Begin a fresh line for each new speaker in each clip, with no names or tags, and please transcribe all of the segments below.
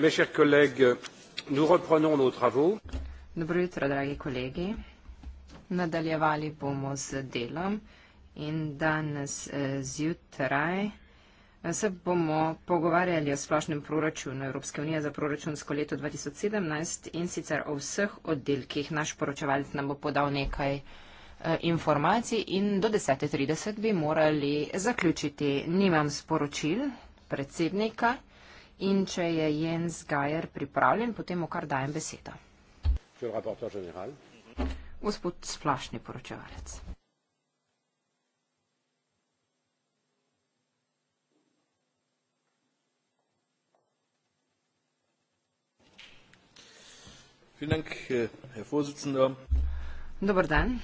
mes chers collègues nous reprenons nos travaux
dobro jutro dragi kolegi nadaljevali bomo z delom in danes eh, zjutraj eh, se bomo pogovarjali o splošnem proračunu Evropske unije za proračunsko leto 2017 in sicer o vseh oddelkih. Naš poročevalec nam bo podal nekaj eh, informacij in do 10.30 bi morali zaključiti. Nimam sporočil predsednika. In če je Jens Geier pripravljen, potem mu kar dajem besedo. Gospod splašni poročevalec.
Eh,
Dobar dan.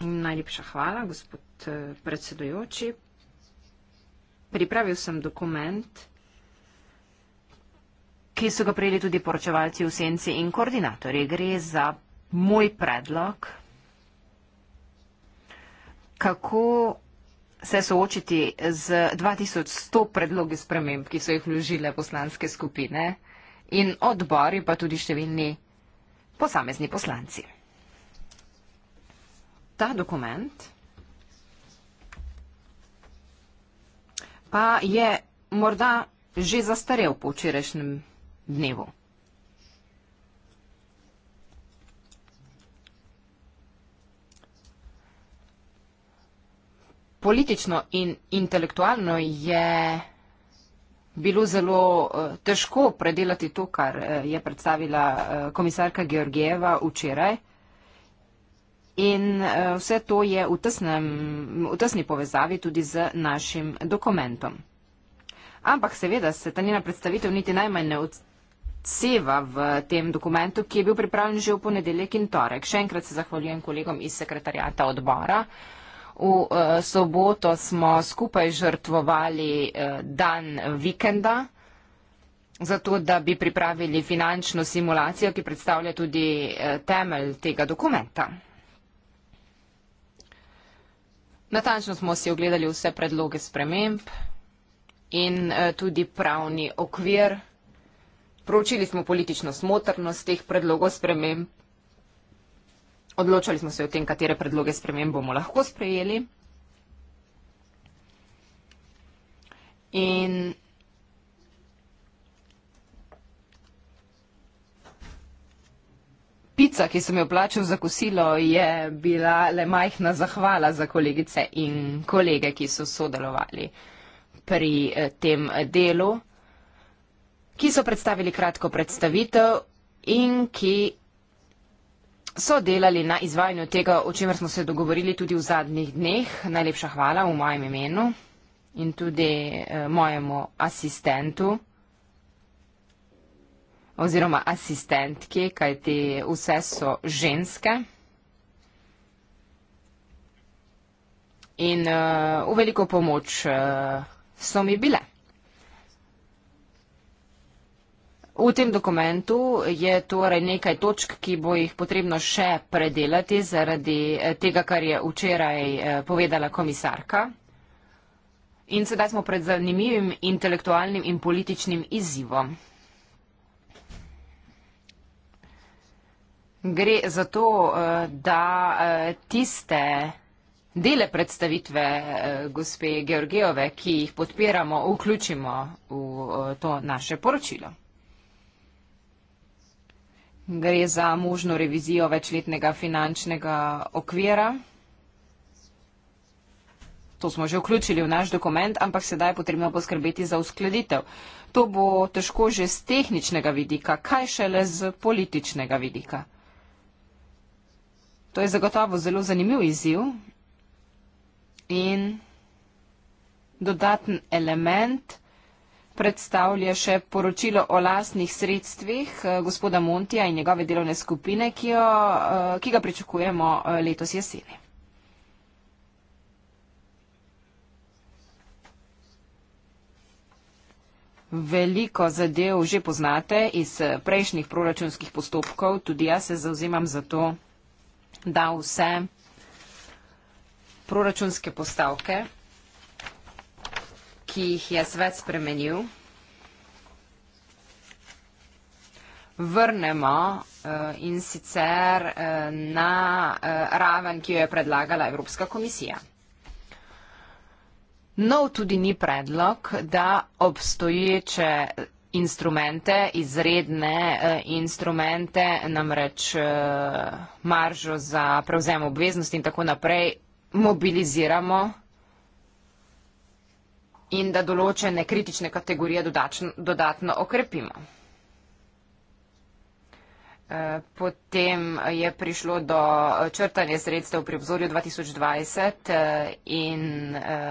Najlepša hvala, gospod eh, predsedujoči. Pripravil sem dokument, ki so ga prejeli tudi poročevalci v senci in koordinatorji. Gre za moj predlog, kako se soočiti z 2100 predlogi sprememb, ki so jih vložile poslanske skupine in odbori, pa tudi številni posamezni poslanci. Ta dokument pa je morda že zastarel po včerajšnjem dnevu. Politično in intelektualno je bilo zelo eh, težko predelati to, kar eh, je predstavila eh, komisarka Georgieva včeraj. In vse to je v, tesnem, v tesni povezavi tudi z našim dokumentom. Ampak seveda se ta njena predstavitev niti najmanj ne odseva v tem dokumentu, ki je bil pripravljen že v ponedeljek in torek. Še enkrat se zahvaljujem kolegom iz sekretarjata odbora. V eh, soboto smo skupaj žrtvovali eh, dan vikenda, zato da bi pripravili finančno simulacijo, ki predstavlja tudi eh, temelj tega dokumenta. Natančno smo si ogledali vse predloge sprememb in tudi pravni okvir. Proučili smo politično smotrnost teh predlogov sprememb, odločali smo se o tem, katere predloge sprememb bomo lahko sprejeli. In pica, ki sem jo plačal za kosilo, je bila le majhna zahvala za kolegice in kolege, ki so sodelovali pri eh, tem delu ki so predstavili kratko predstavitev in ki so delali na izvajanju tega, o čemer smo se dogovorili tudi v zadnjih dneh. Najlepša hvala v mojem imenu in tudi eh, mojemu asistentu oziroma asistentki, kajti vse so ženske. In uh, v veliko pomoč uh, so mi bile. V tem dokumentu je torej nekaj točk, ki bo jih potrebno še predelati zaradi eh, tega, kar je včeraj eh, povedala komisarka. In sedaj smo pred zanimivim intelektualnim in političnim izzivom. Gre za to, eh, da tiste dele predstavitve gospe Georgijeve, ki jih podpiramo, vključimo v to naše poročilo. Gre za možno revizijo večletnega finančnega okvira. To smo že vključili v naš dokument, ampak sedaj je potrebno poskrbeti za uskladitev. To bo težko že z tehničnega vidika, kaj šele z političnega vidika. To je zagotovo zelo zanimiv izziv in dodaten element, predstavlja še poročilo o lastnih sredstvih eh, gospoda Montija in njegove delovne skupine, ki, jo, eh, ki ga pričakujemo eh, letos jeseni. Veliko zadev že poznate iz prejšnjih proračunskih postopkov, tudi jaz se zauzemam za to, da vse proračunske postavke ki jih je svet spremenil, vrnemo eh, in sicer eh, na eh, raven, ki jo je predlagala Evropska komisija. Nov tudi ni predlog, da obstoječe instrumente, izredne instrumente, namreč maržo za prevzem obveznosti in tako naprej, mobiliziramo in da določene kritične kategorije dodačno, dodatno okrepimo. E, potem je prišlo do črtanja sredstev pri obzorju 2020 e, in e,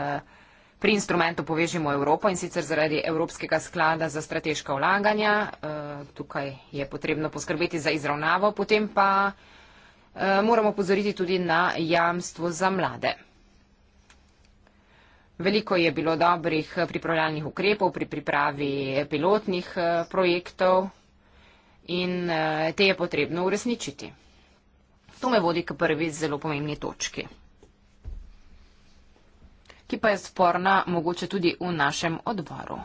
pri instrumentu povežimo Evropo in sicer zaradi Evropskega sklada za strateška vlaganja. Tukaj je potrebno poskrbeti za izravnavo, potem pa moramo pozoriti tudi na jamstvo za mlade. Veliko je bilo dobrih pripravljalnih ukrepov pri pripravi pilotnih eh, projektov in eh, te je potrebno uresničiti. To me vodi k prvi zelo pomembni točki, ki pa je sporna mogoče tudi v našem odboru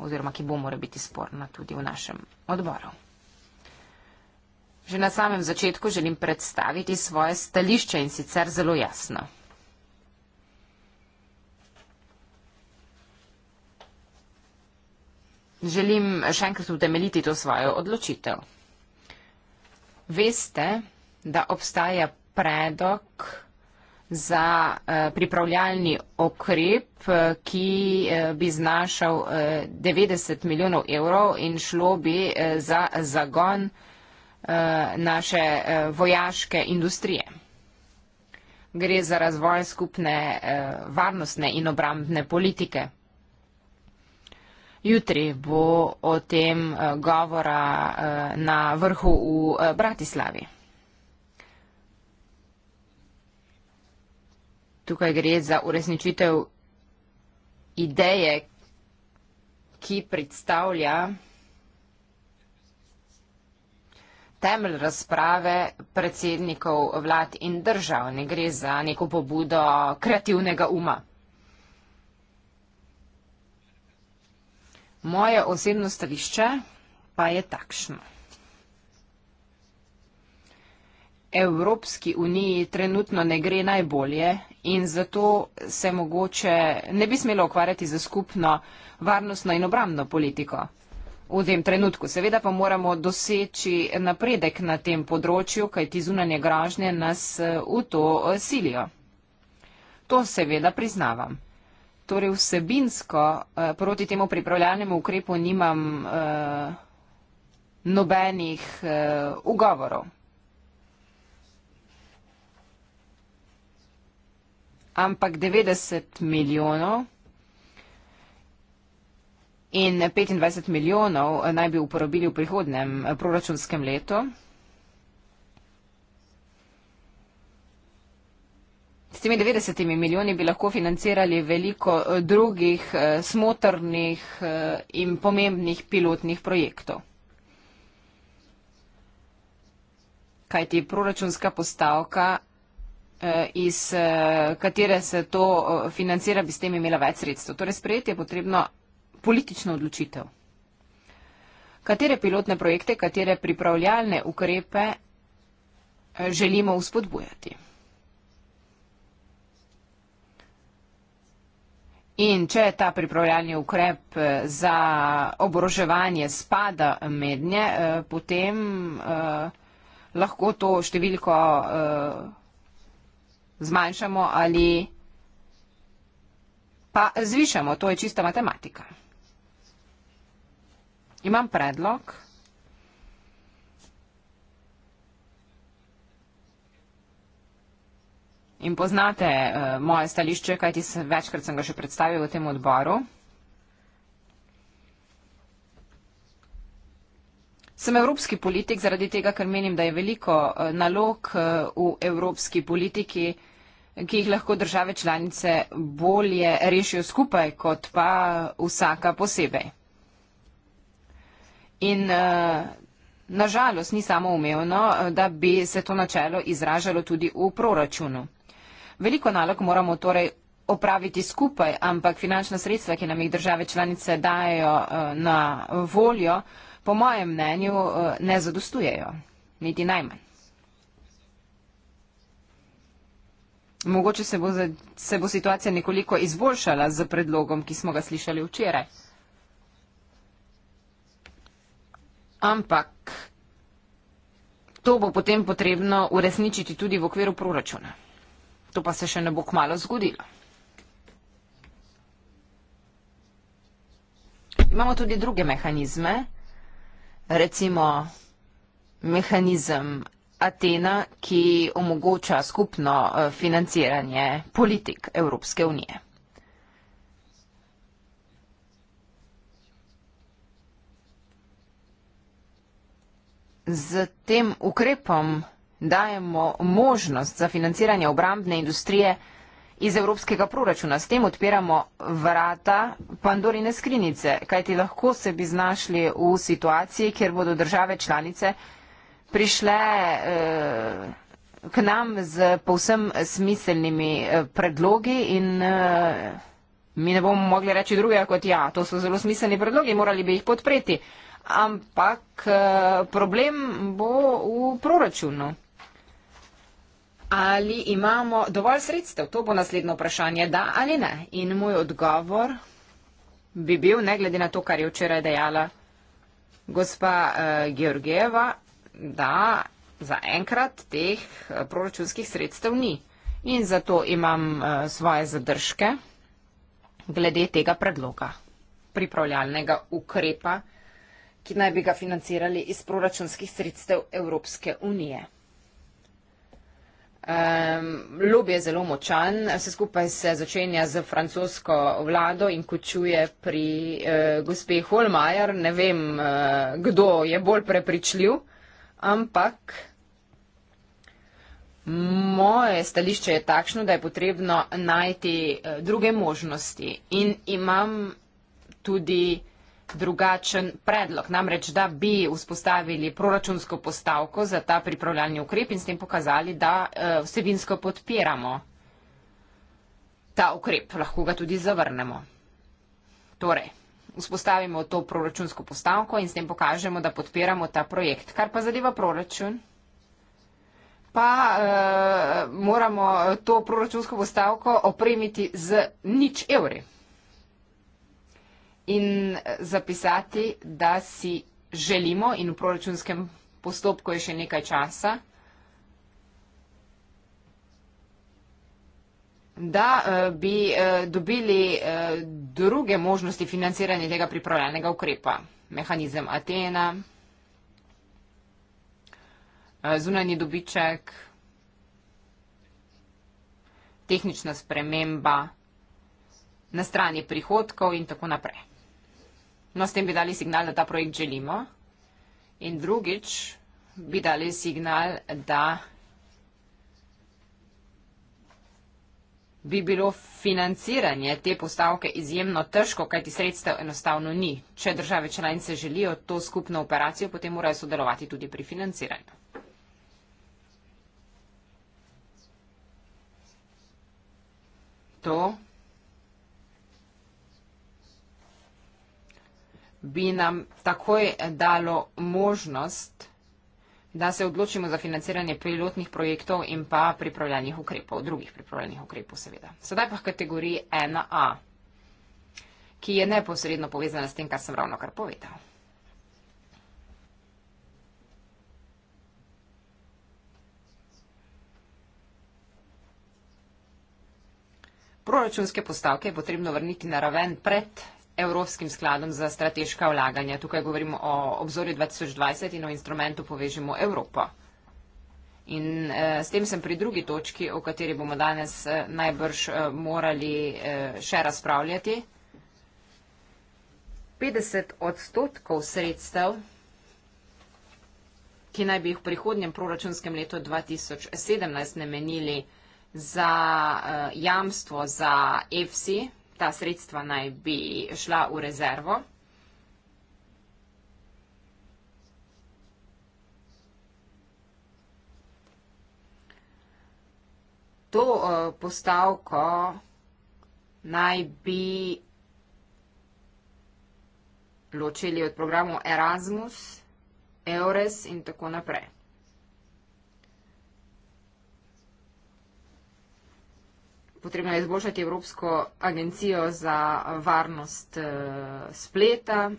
oziroma ki bo mora biti sporna tudi v našem odboru. Že na samem začetku želim predstaviti svoje stališče in sicer zelo jasno. želim še enkrat utemeljiti to svojo odločitev. Veste, da obstaja predok za eh, pripravljalni okrep, eh, ki eh, bi znašal 90 milijonov evrov in šlo bi za zagon naše vojaške industrije. Gre za razvoj skupne varnostne in obrambne politike. Jutri bo o tem eh, govora eh, na vrhu v eh, Bratislavi. Tukaj gre za uresničitev ideje, ki predstavlja temelj razprave predsednikov vlad in držav. Ne gre za neko pobudo kreativnega uma. Moje osebno stališče pa je takšno. Evropski uniji trenutno ne gre najbolje in zato se mogoče ne bi smelo ukvarjati za skupno varnostno in obramno politiko. V tem trenutku seveda pa moramo doseči napredek na tem področju, kajti zunanje gražnje nas eh, v to eh, silijo. To seveda priznavam. Torej vsebinsko eh, proti temu pripravljanemu ukrepu nimam eh, nobenih eh, ugovorov. Ampak 90 milijonov in 25 milijonov eh, naj bi uporabili v prihodnem eh, proračunskem letu. S temi 90 milijoni bi lahko financirali veliko eh, drugih eh, smotrnih eh, in pomembnih pilotnih projektov. Kaj ti proračunska postavka, iz katere se to financira, bi s tem imela več sredstv. Torej sprejeti je potrebno politično odločitev. Katere pilotne projekte, katere pripravljalne ukrepe želimo uspodbujati? In če ta pripravljalni ukrep eh, za oboroževanje spada mednje, eh, potem eh, lahko to številko zmanjšamo ali pa zvišamo. To je čista matematika. Imam predlog. In poznate uh, moje stališče, kajti večkrat sem ga še predstavil v tem odboru. Sem evropski politik zaradi tega, ker menim, da je veliko uh, nalog uh, v evropski politiki, ki jih lahko države članice bolje rešijo skupaj, kot pa vsaka posebej. In uh, nažalost ni samo umevno, da bi se to načelo izražalo tudi v proračunu. Veliko nalog moramo torej opraviti skupaj, ampak finančna sredstva, ki nam jih države članice dajo eh, na voljo, po mojem mnenju eh, ne zadostujejo, niti najmanj. Mogoče se bo, se bo situacija nekoliko izboljšala z predlogom, ki smo ga slišali včeraj. Ampak to bo potem potrebno uresničiti tudi v okviru proračuna. To pa se še ne bo kmalo zgodilo. Imamo tudi druge mehanizme, recimo mehanizem Atena, ki omogoča skupno eh, financiranje politik Evropske unije. Z tem ukrepom dajemo možnost za financiranje obrambne industrije iz evropskega proračuna. S tem odpiramo vrata Pandorine skrinice, kajti lahko se bi znašli v situaciji, kjer bodo države članice prišle eh, k nam z povsem smiselnimi eh, predlogi in eh, mi ne bomo mogli reči druge kot ja, to so zelo smiselni predlogi, morali bi jih podpreti. Ampak eh, problem bo v proračunu ali imamo dovolj sredstev? To bo naslednje vprašanje, da ali ne. In moj odgovor bi bil, ne glede na to, kar je včeraj dejala gospa uh, Georgieva, da zaenkrat teh eh, proračunskih sredstev ni. In zato imam uh, svoje zadržke glede tega predloga, pripravljalnega ukrepa, ki naj bi ga financirali iz proračunskih sredstev Evropske unije. Um, lobby je zelo močan, vse skupaj se začenja z francosko vlado in kočuje pri uh, gospe Holmajer. Ne vem, uh, kdo je bolj prepričljiv, ampak moje stališče je takšno, da je potrebno najti uh, druge možnosti. In imam tudi drugačen predlog, namreč da bi vzpostavili proračunsko postavko za ta pripravljalni ukrep in s tem pokazali, da eh, vsebinsko podpiramo ta ukrep, lahko ga tudi zavrnemo. Torej, vzpostavimo to proračunsko postavko in s tem pokažemo, da podpiramo ta projekt. Kar pa zadeva proračun, pa eh, moramo to proračunsko postavko opremiti z nič evri in eh, zapisati, da si želimo in v proračunskem postopku je še nekaj časa, da eh, bi eh, dobili druge možnosti financiranja tega pripravljenega ukrepa. Mehanizem Atena, zunanji dobiček, tehnična sprememba na strani prihodkov in tako naprej. No, s tem bi dali signal, da ta projekt želimo. In drugič bi dali signal, da bi bilo financiranje te postavke izjemno težko, kajti sredstev enostavno ni. Če države članice želijo to skupno operacijo, potem morajo sodelovati tudi pri financiranju. To bi nam takoj dalo možnost, da se odločimo za financiranje pilotnih projektov in pa pripravljanjih ukrepov, drugih pripravljanjih ukrepov seveda. Sedaj pa kategoriji 1A, ki je neposredno povezana s tem, kar sem ravno kar povedal. Proračunske postavke je potrebno vrniti na raven pred Evropskim skladom za strateška vlaganja. Tukaj govorimo o obzorju 2020 in o instrumentu Povežimo Evropo. In eh, s tem sem pri drugi točki, o kateri bomo danes eh, najbrž eh, morali eh, še razpravljati. 50 odstotkov sredstev, ki naj bi jih v prihodnjem proračunskem letu 2017 namenili za eh, jamstvo za EFSI, ta sredstva naj bi šla v rezervo. To eh, postavko naj bi ločili od programov Erasmus, EURES in tako naprej. potrebno izboljšati Evropsko agencijo za eh, varnost eh, spleta.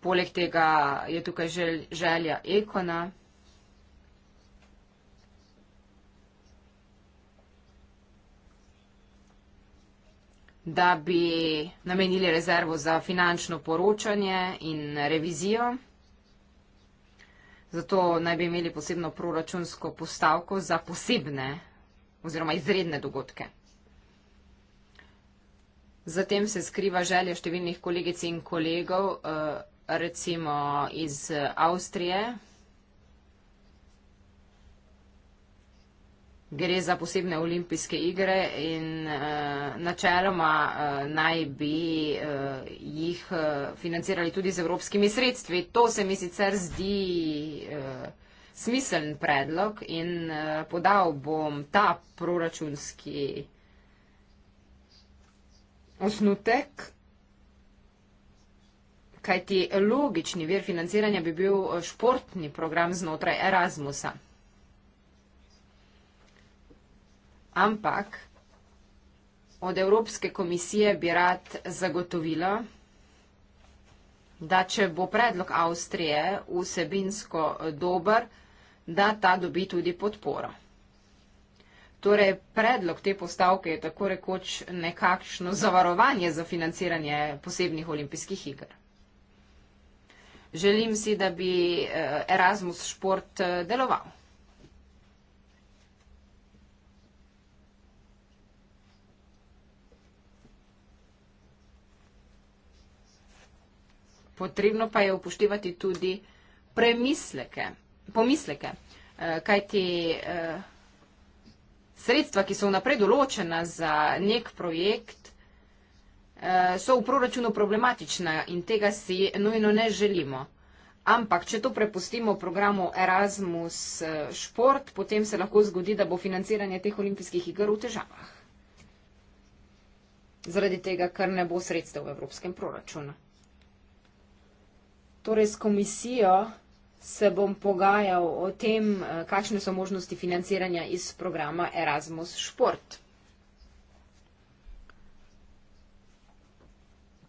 Poleg tega je tukaj žel, želja Ekona. da bi namenili rezervo za finančno poročanje in revizijo. Zato naj bi imeli posebno proračunsko postavko za posebne oziroma izredne dogodke. Zatem se skriva želja številnih kolegic in kolegov, eh, recimo iz eh, Avstrije, gre za posebne olimpijske igre in uh, načeloma uh, naj bi uh, jih uh, financirali tudi z evropskimi sredstvi. To se mi sicer zdi uh, smiseln predlog in uh, podal bom ta proračunski osnutek. Kajti logični vir financiranja bi bil športni program znotraj Erasmusa. ampak od Evropske komisije bi rad zagotovila, da če bo predlog Avstrije vsebinsko dober, da ta dobi tudi podporo. Torej, predlog te postavke je tako rekoč nekakšno zavarovanje za financiranje posebnih olimpijskih igr. Želim si, da bi eh, Erasmus šport eh, deloval. Potrebno pa je upoštevati tudi premisleke, pomisleke, eh, kaj ti eh, sredstva, ki so vnaprej določena za nek projekt, eh, so v proračunu problematična in tega si nujno ne želimo. Ampak, če to prepustimo programu Erasmus Šport, potem se lahko zgodi, da bo financiranje teh olimpijskih igr v težavah. Zaradi tega, ker ne bo sredstev v evropskem proračunu torej s komisijo se bom pogajal o tem, eh, kakšne so možnosti financiranja iz programa Erasmus Šport.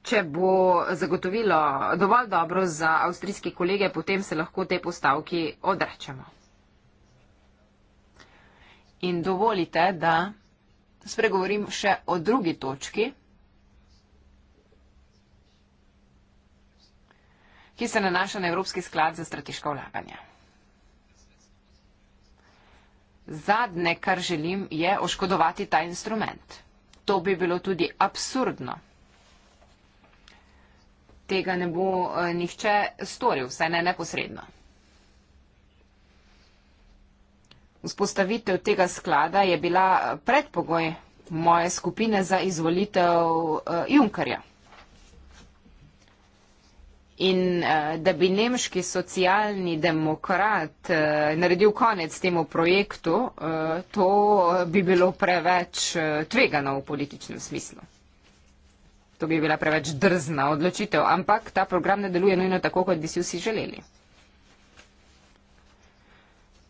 Če bo zagotovilo dovolj dobro za avstrijske kolege, potem se lahko te postavki odrečemo. In dovolite, da spregovorim še o drugi točki. ki se nanaša na Evropski sklad za strateška vlaganja. Zadnje, kar želim, je oškodovati ta instrument. To bi bilo tudi absurdno. Tega ne bo eh, nihče storil, vse ne neposredno. Vzpostavitev tega sklada je bila predpogoj moje skupine za izvolitev eh, Junkarja. In eh, da bi nemški socialni demokrat eh, naredil konec temu projektu, eh, to bi bilo preveč tvegano v političnem smislu. To bi bila preveč drzna odločitev, ampak ta program ne deluje nujno tako, kot bi si vsi želeli.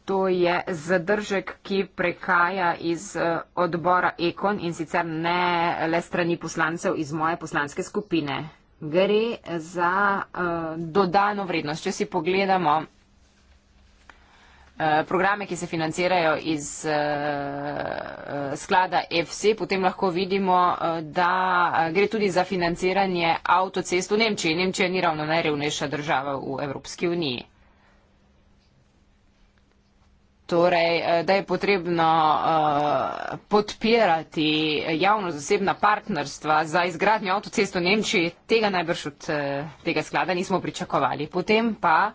To je zadržek, ki prekaja iz odbora Ekon in sicer ne le strani poslancev iz moje poslanske skupine gre za uh, dodano vrednost. Če si pogledamo uh, programe, ki se financirajo iz uh, sklada FC, potem lahko vidimo, uh, da gre tudi za financiranje avtocest v Nemčiji. Nemčija ni ravno najrevnejša država v Evropski uniji. Torej, eh, da je potrebno uh, podpirati javno-zasebna partnerstva za izgradnjo avtocesto v Nemčiji, tega najbrž od uh, tega sklada nismo pričakovali. Potem pa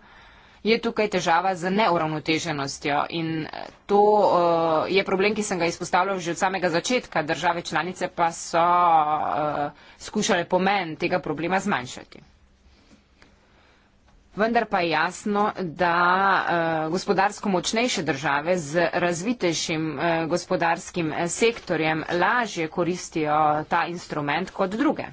je tukaj težava z neuravnoteženostjo in to uh, je problem, ki sem ga izpostavljal že od samega začetka. Države članice pa so uh, skušale pomen tega problema zmanjšati. Vendar pa je jasno, da eh, gospodarsko močnejše države z razvitejšim eh, gospodarskim eh, sektorjem lažje koristijo ta instrument kot druge.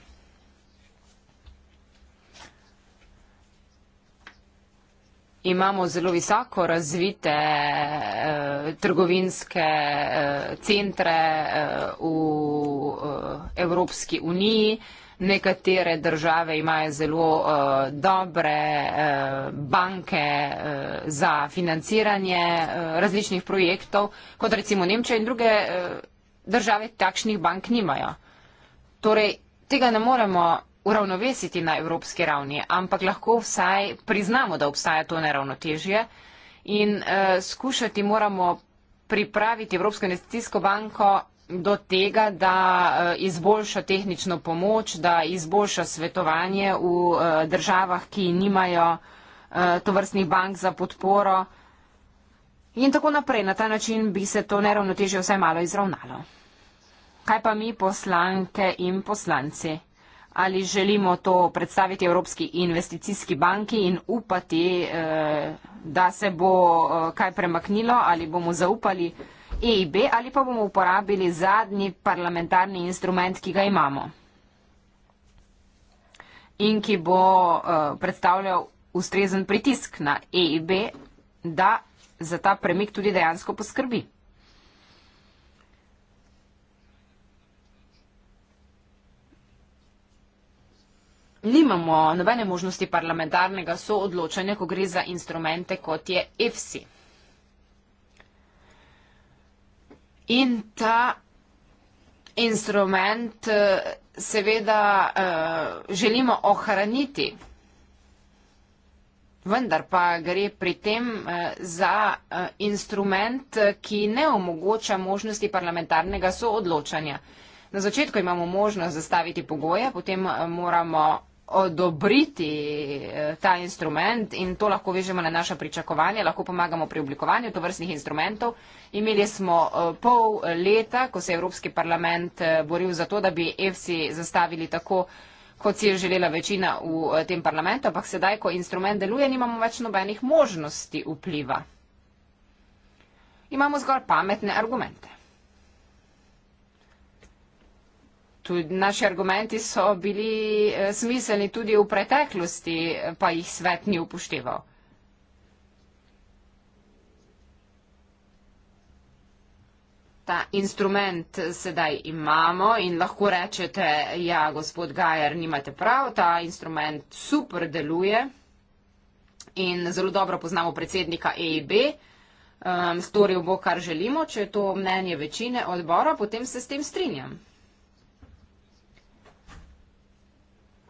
Imamo zelo visoko razvite eh, trgovinske eh, centre eh, v eh, Evropski uniji. Eh, Nekatere države imajo zelo uh, dobre uh, banke uh, za financiranje uh, različnih projektov, kot recimo Nemčija in druge uh, države takšnih bank nimajo. Torej, tega ne moremo uravnovesiti na evropski ravni, ampak lahko vsaj priznamo, da obstaja to neravnotežje in uh, skušati moramo pripraviti Evropsko investicijsko banko do tega, da eh, izboljša tehnično pomoč, da izboljša svetovanje v eh, državah, ki nimajo eh, tovrstnih bank za podporo in tako naprej. Na ta način bi se to neravnotežje vsaj malo izravnalo. Kaj pa mi, poslanke in poslanci? Ali želimo to predstaviti Evropski investicijski banki in upati, da se bo kaj premaknilo, ali bomo zaupali EIB ali pa bomo uporabili zadnji parlamentarni instrument, ki ga imamo in ki bo uh, predstavljal ustrezen pritisk na EIB, da za ta premik tudi dejansko poskrbi. Nimamo nobene možnosti parlamentarnega soodločanja, ko gre za instrumente kot je EFSI. In ta instrument eh, seveda eh, želimo ohraniti, vendar pa gre pri tem eh, za instrument, ki ne omogoča možnosti parlamentarnega soodločanja. Na začetku imamo možnost zastaviti pogoje, potem moramo odobriti eh, ta instrument in to lahko vežemo na naša pričakovanja, lahko pomagamo pri oblikovanju tovrstnih instrumentov. Imeli smo eh, pol leta, ko se je Evropski parlament eh, boril za to, da bi EFSI zastavili tako, kot si je želela večina v tem parlamentu, ampak sedaj, ko instrument deluje, nimamo več nobenih možnosti vpliva. Imamo zgolj pametne argumente. tudi naši argumenti so bili eh, smiselni tudi v preteklosti, eh, pa jih svet ni upošteval. Ta instrument sedaj imamo in lahko rečete, ja, gospod Gajer, nimate prav, ta instrument super deluje in zelo dobro poznamo predsednika EIB, um, ehm, storil bo, kar želimo, če je to mnenje večine odbora, potem se s tem strinjam.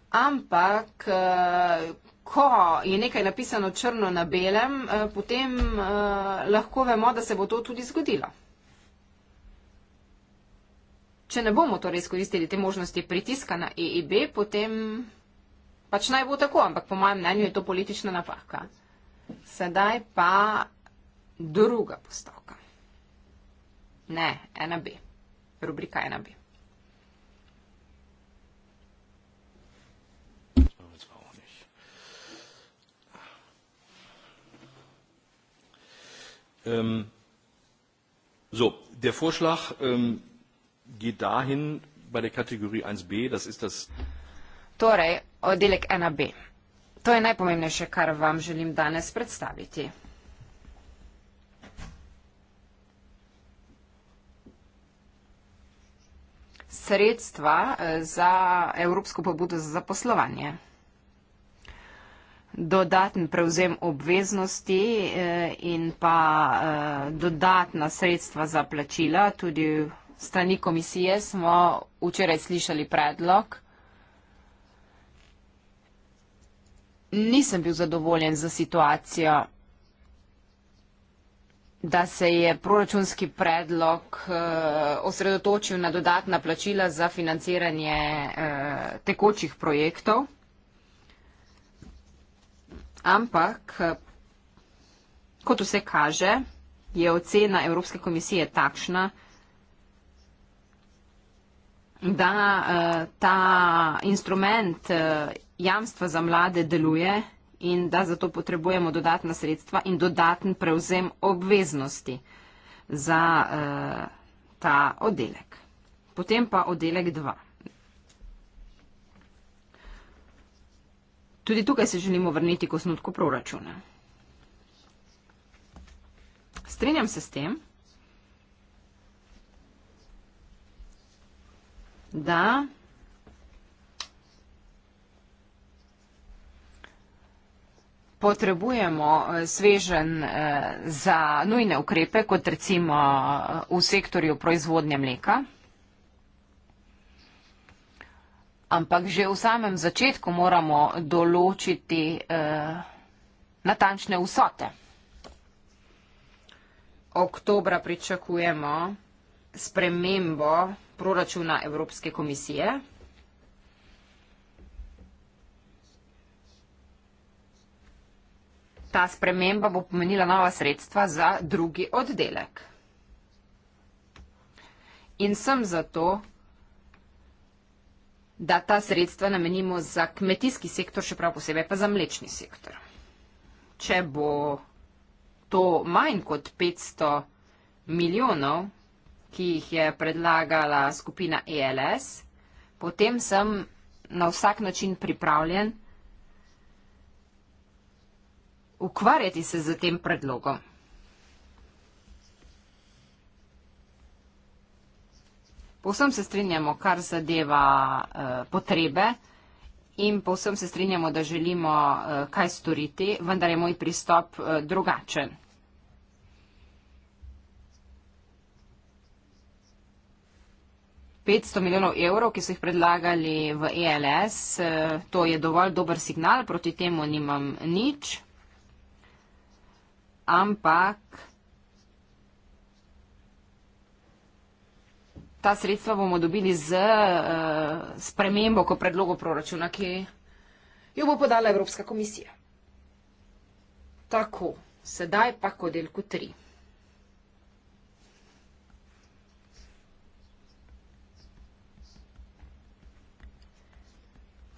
Ampak, eh, ko je nekaj napisano črno na belem, eh, potem eh, lahko vemo, da se bo to tudi zgodilo. Če ne bomo torej izkoristili te možnosti pritiska na EIB, potem pač naj bo tako, ampak po mojem mnenju je to politična napaka. Sedaj pa druga postavka. Ne, 1B. Rubrika 1B.
Ähm, so, der Vorschlag ähm, geht dahin bei der Kategorie 1b, das ist das.
Torej, oddelek 1b. To je najpomembnejše, kar vam želim danes predstaviti. Sredstva eh, za Evropsko pobudo za zaposlovanje dodaten prevzem obveznosti eh, in pa eh, dodatna sredstva za plačila. Tudi strani komisije smo včeraj slišali predlog. Nisem bil zadovoljen za situacijo, da se je proračunski predlog eh, osredotočil na dodatna plačila za financiranje tekočih projektov ampak kot vse kaže, je ocena Evropske komisije takšna, da eh, ta instrument eh, jamstva za mlade deluje in da zato potrebujemo dodatna sredstva in dodaten prevzem obveznosti za eh, ta oddelek. Potem pa oddelek 2. Tudi tukaj se želimo vrniti k osnutku proračuna. Strenjam se s tem, da potrebujemo eh, svežen eh, za nujne ukrepe, kot recimo eh, v sektorju proizvodnje mleka. ampak že v samem začetku moramo določiti eh, natančne vsote. Oktobra pričakujemo spremembo proračuna Evropske komisije. Ta sprememba bo pomenila nova sredstva za drugi oddelek. In sem zato, da ta sredstva namenimo za kmetijski sektor, še prav posebej pa za mlečni sektor. Če bo to manj kot 500 milijonov, ki jih je predlagala skupina ELS, potem sem na vsak način pripravljen ukvarjati se z tem predlogom. Povsem se strinjamo, kar zadeva uh, potrebe in povsem se strinjamo, da želimo uh, kaj storiti, vendar je moj pristop uh, drugačen. petsto milijonov evrov, ki so jih predlagali v ELS, to je dovolj dober signal, proti temu nimam nič, ampak ta sredstva bomo dobili z uh, spremembo k predlogu proračuna, ki jo bo podala Evropska komisija. Tako, sedaj pa k oddelku 3.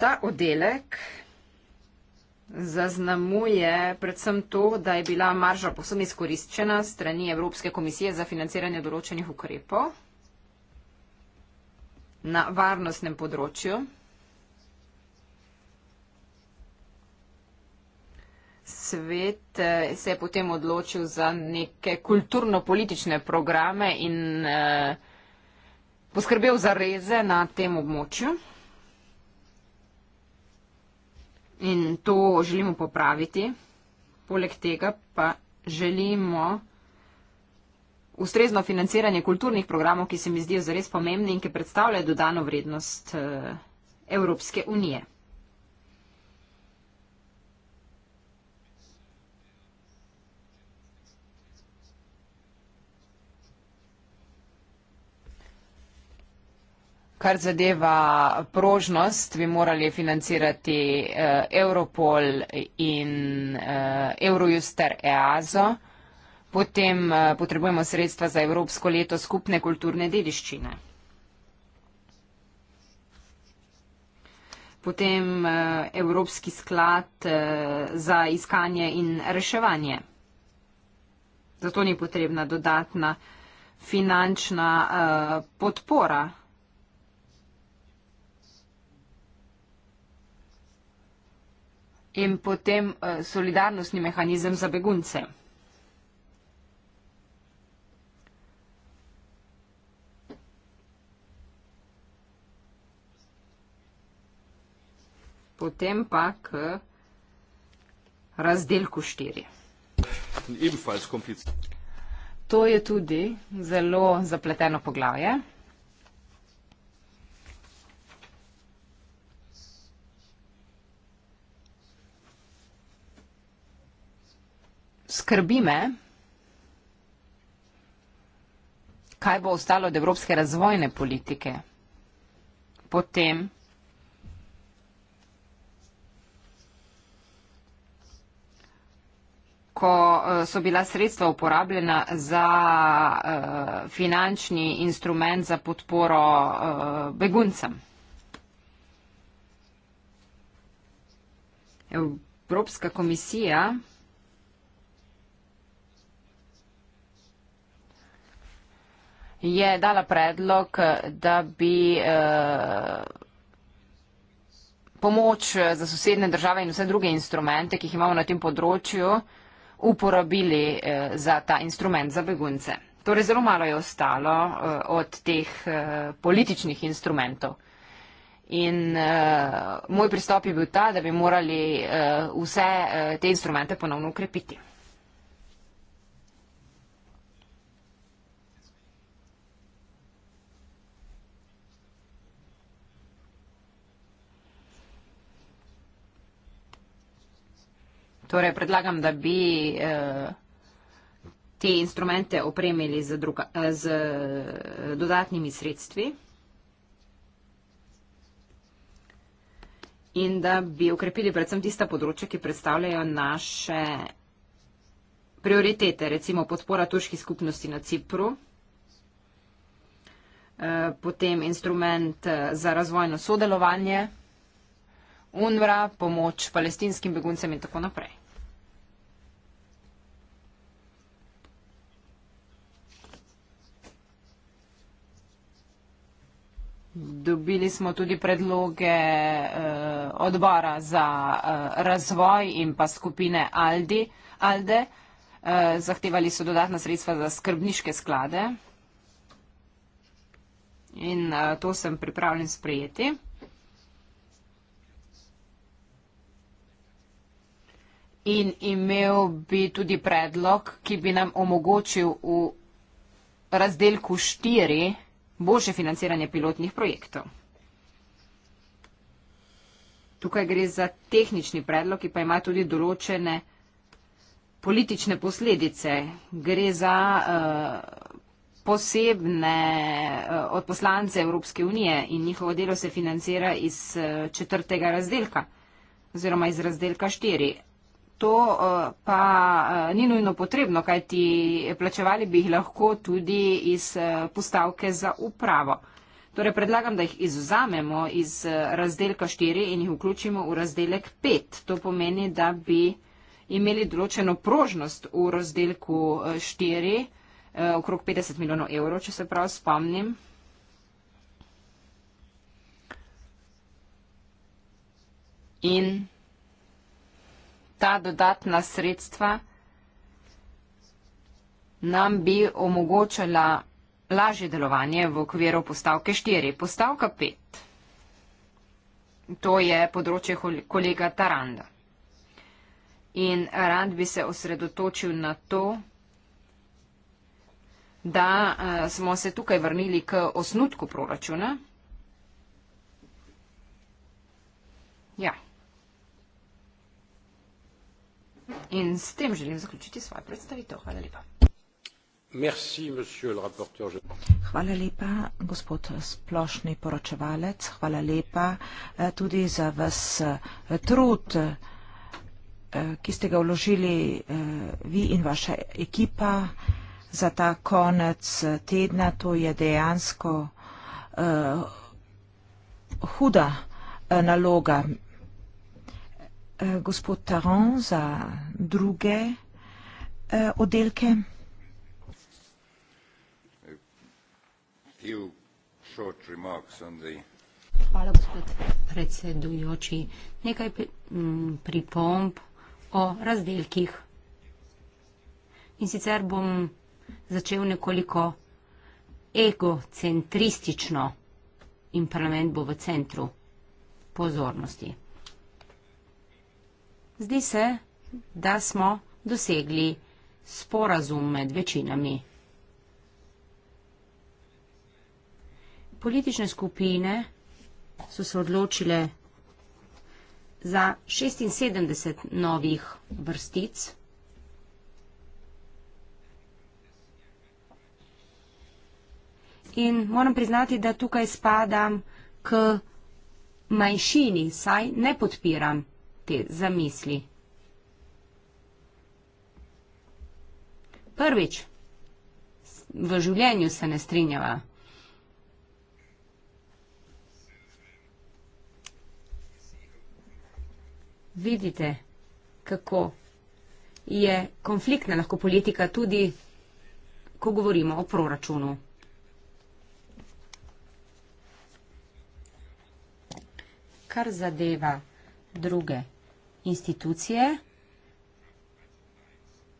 Ta oddelek zaznamuje predvsem to, da je bila marža posebno izkoriščena strani Evropske komisije za financiranje določenih ukrepov na varnostnem področju. Svet eh, se je potem odločil za neke kulturno-politične programe in eh, poskrbel za reze na tem območju. In to želimo popraviti. Poleg tega pa želimo ustrezno financiranje kulturnih programov, ki se mi zdijo zares pomembni in ki predstavljajo dodano vrednost eh, Evropske unije. Kar zadeva prožnost, bi morali financirati eh, Europol in eh, Eurojust ter EASO. Potem eh, potrebujemo sredstva za Evropsko leto skupne kulturne dediščine. Potem eh, Evropski sklad eh, za iskanje in reševanje. Zato ni potrebna dodatna finančna podpora. In potem solidarnostni mehanizem za begunce. potem pa k razdelku 4. To je tudi zelo zapleteno poglavje. Skrbi me, kaj bo ostalo od evropske razvojne politike potem, ko eh, so bila sredstva uporabljena za eh, finančni instrument za podporo eh, beguncem. Evropska komisija je dala predlog, da bi pomoč za sosedne države in vse druge instrumente, ki jih imamo na tem področju, uporabili eh, za ta instrument za begunce. Torej zelo malo je ostalo eh, od teh eh, političnih instrumentov. In uh, moj pristop je bil ta, da bi morali uh, vse uh, te instrumente ponovno ukrepiti. Torej, predlagam, da bi eh, te instrumente opremili z, druga, eh, z eh, dodatnimi sredstvi in da bi ukrepili predvsem tista področja, ki predstavljajo naše prioritete, recimo podpora turški skupnosti na Cipru, eh, potem instrument eh, za razvojno sodelovanje. UNRWA, pomoč palestinskim beguncem in tako naprej. Dobili smo tudi predloge eh, odbora za eh, razvoj in pa skupine Aldi, Alde. Eh, zahtevali so dodatna sredstva za skrbniške sklade. In eh, to sem pripravljen sprejeti. in imel bi tudi predlog, ki bi nam omogočil v razdelku 4 boljše financiranje pilotnih projektov. Tukaj gre za tehnični predlog, ki pa ima tudi določene politične posledice. Gre za uh, posebne uh, eh, odposlance Evropske unije in njihovo delo se financira iz uh, četrtega razdelka oziroma iz razdelka 4 to eh, pa eh, ni nujno potrebno, kajti plačevali bi jih lahko tudi iz eh, postavke za upravo. Torej predlagam, da jih izuzamemo iz razdelka 4 in jih vključimo v razdelek 5. To pomeni, da bi imeli določeno prožnost v razdelku 4, okrog 50 milijonov evrov, če se prav spomnim. In ta dodatna sredstva nam bi omogočala lažje delovanje v okviru postavke 4. Postavka 5. To je področje kolega Taranda. In rad bi se osredotočil na to, da eh, smo se tukaj vrnili k osnutku proračuna. Ja. Yeah.
In s tem želim zaključiti svojo predstavitev. Hvala lepa. Merci, hvala lepa, gospod splošni poročevalec. Hvala lepa eh, tudi za vas eh, trud, eh, ki ste ga vložili vi in vaša ekipa za ta konec tedna. To je dejansko huda naloga Eh, gospod Taron za druge eh, oddelke. Hvala,
gospod
predsedujoči. Nekaj mm, pripomb o razdelkih. In sicer bom začel nekoliko egocentristično in parlament bo v centru pozornosti zdi se, da smo dosegli sporazum med večinami. Politične skupine so se odločile za 76 novih vrstic. In moram priznati, da tukaj spadam k manjšini, saj ne podpiram te zamisli. Prvič, v življenju se ne strinjava. Vidite, kako je konfliktna lahko politika tudi, ko govorimo o proračunu. Kar zadeva druge institucije.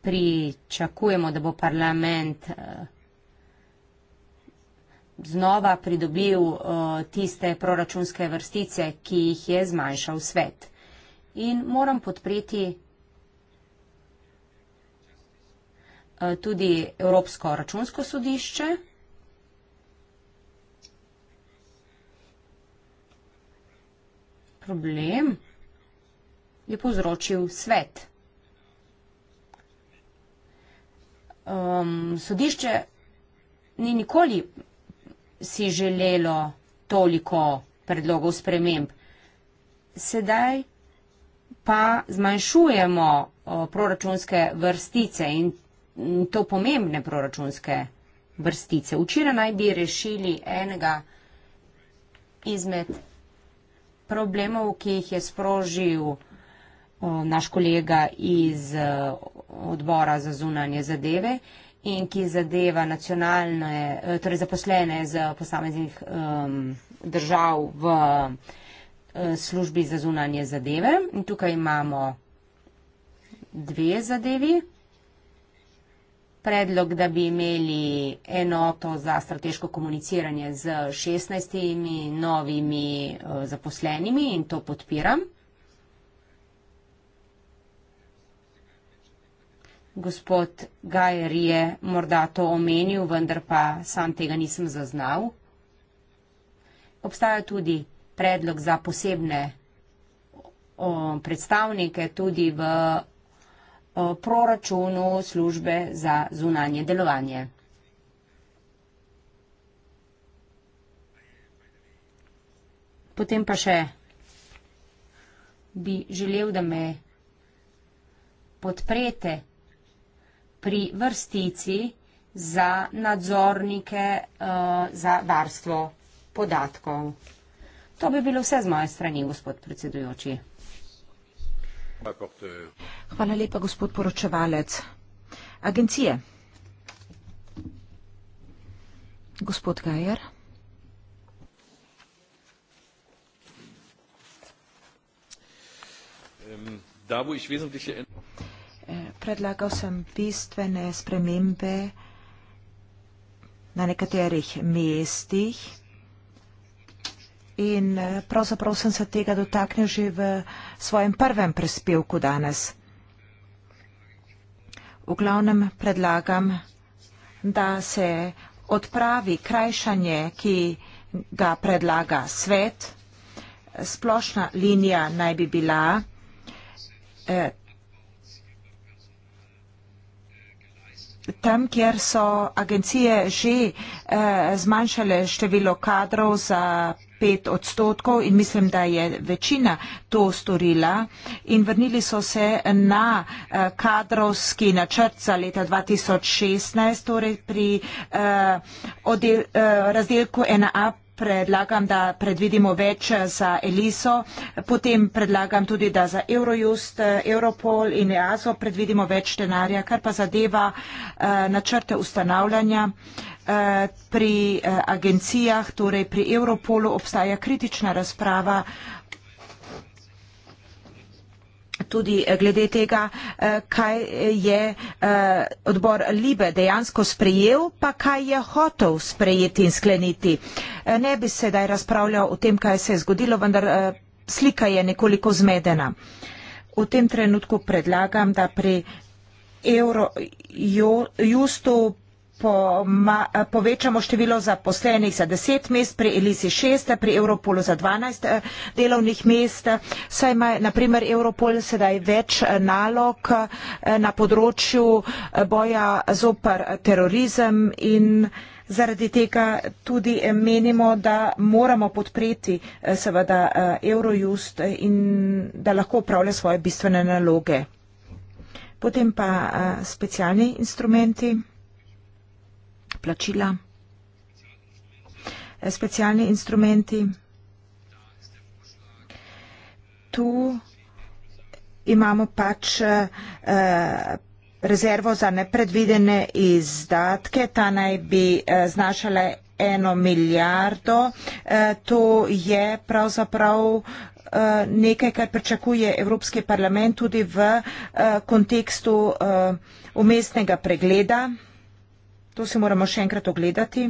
Pričakujemo, da bo parlament eh, znova pridobil eh, tiste proračunske vrstice, ki jih je zmanjšal svet. In moram podpreti eh, tudi Evropsko računsko sodišče. Problem je povzročil svet. Um, sodišče ni nikoli si želelo toliko predlogov sprememb. Sedaj pa zmanjšujemo proračunske vrstice in to pomembne proračunske vrstice. Včeraj naj bi rešili enega izmed problemov, ki jih je sprožil naš kolega iz e, odbora za zunanje zadeve in ki zadeva nacionalne, e, torej zaposlene z posameznih um, držav v e, službi za zunanje zadeve. In tukaj imamo dve zadevi. Predlog, da bi imeli enoto za strateško komuniciranje z 16 novimi zaposlenimi in to podpiram. gospod Gajer je morda to omenil, vendar pa sam tega nisem zaznal. Obstaja tudi predlog za posebne o, predstavnike tudi v o, proračunu službe za zunanje delovanje. Potem pa še bi želel, da me podprete pri vrstici za nadzornike eh, za varstvo podatkov. To bi bilo vse z moje strani, gospod predsedujoči. Hvala
lepa, gospod poročevalec. Agencije. Gospod Gajer. Da, bo išvezno, da še eno predlagal sem bistvene spremembe na nekaterih mestih in eh, pravzaprav sem se tega dotaknil že v svojem prvem prispevku danes. V glavnem predlagam, da se odpravi krajšanje, ki ga predlaga svet. Splošna linija naj bi bila eh, tam, kjer so agencije že eh, zmanjšale število kadrov za pet odstotkov in mislim, da je večina to storila in vrnili so se na eh, kadrovski načrt za leta 2016, torej pri eh, odel, eh, razdelku 1A predlagam, da predvidimo več eh, za Eliso, potem predlagam tudi, da za Eurojust, eh, Europol in EASO predvidimo več denarja, kar pa zadeva eh, načrte ustanavljanja. Pri agencijah, torej pri Europolu, obstaja kritična razprava tudi eh, glede tega, eh, kaj eh, je odbor Libe dejansko sprejel, pa kaj je hotel sprejeti in skleniti. Ne bi sedaj razpravljal o tem, kaj se je zgodilo, vendar slika je nekoliko zmedena. V tem trenutku predlagam, da pri Eurojustu povečamo število zaposlenih za 10 mest, pri Elisi 6, pri Europolu za 12 eh, delovnih mest. Saj ima naprimer Europol sedaj več eh, nalog eh, na področju boja zopr terorizem in zaradi tega tudi menimo, da moramo podpreti seveda Eurojust in da lahko upravlja svoje bistvene naloge. Potem pa specialni instrumenti plačila, specialni instrumenti. Tu imamo pač eh, rezervo za nepredvidene izdatke, ta naj bi eh, znašala eno milijardo. Eh, to je pravzaprav nekaj, kar pričakuje Evropski parlament tudi v kontekstu umestnega pregleda. To si moramo še enkrat ogledati.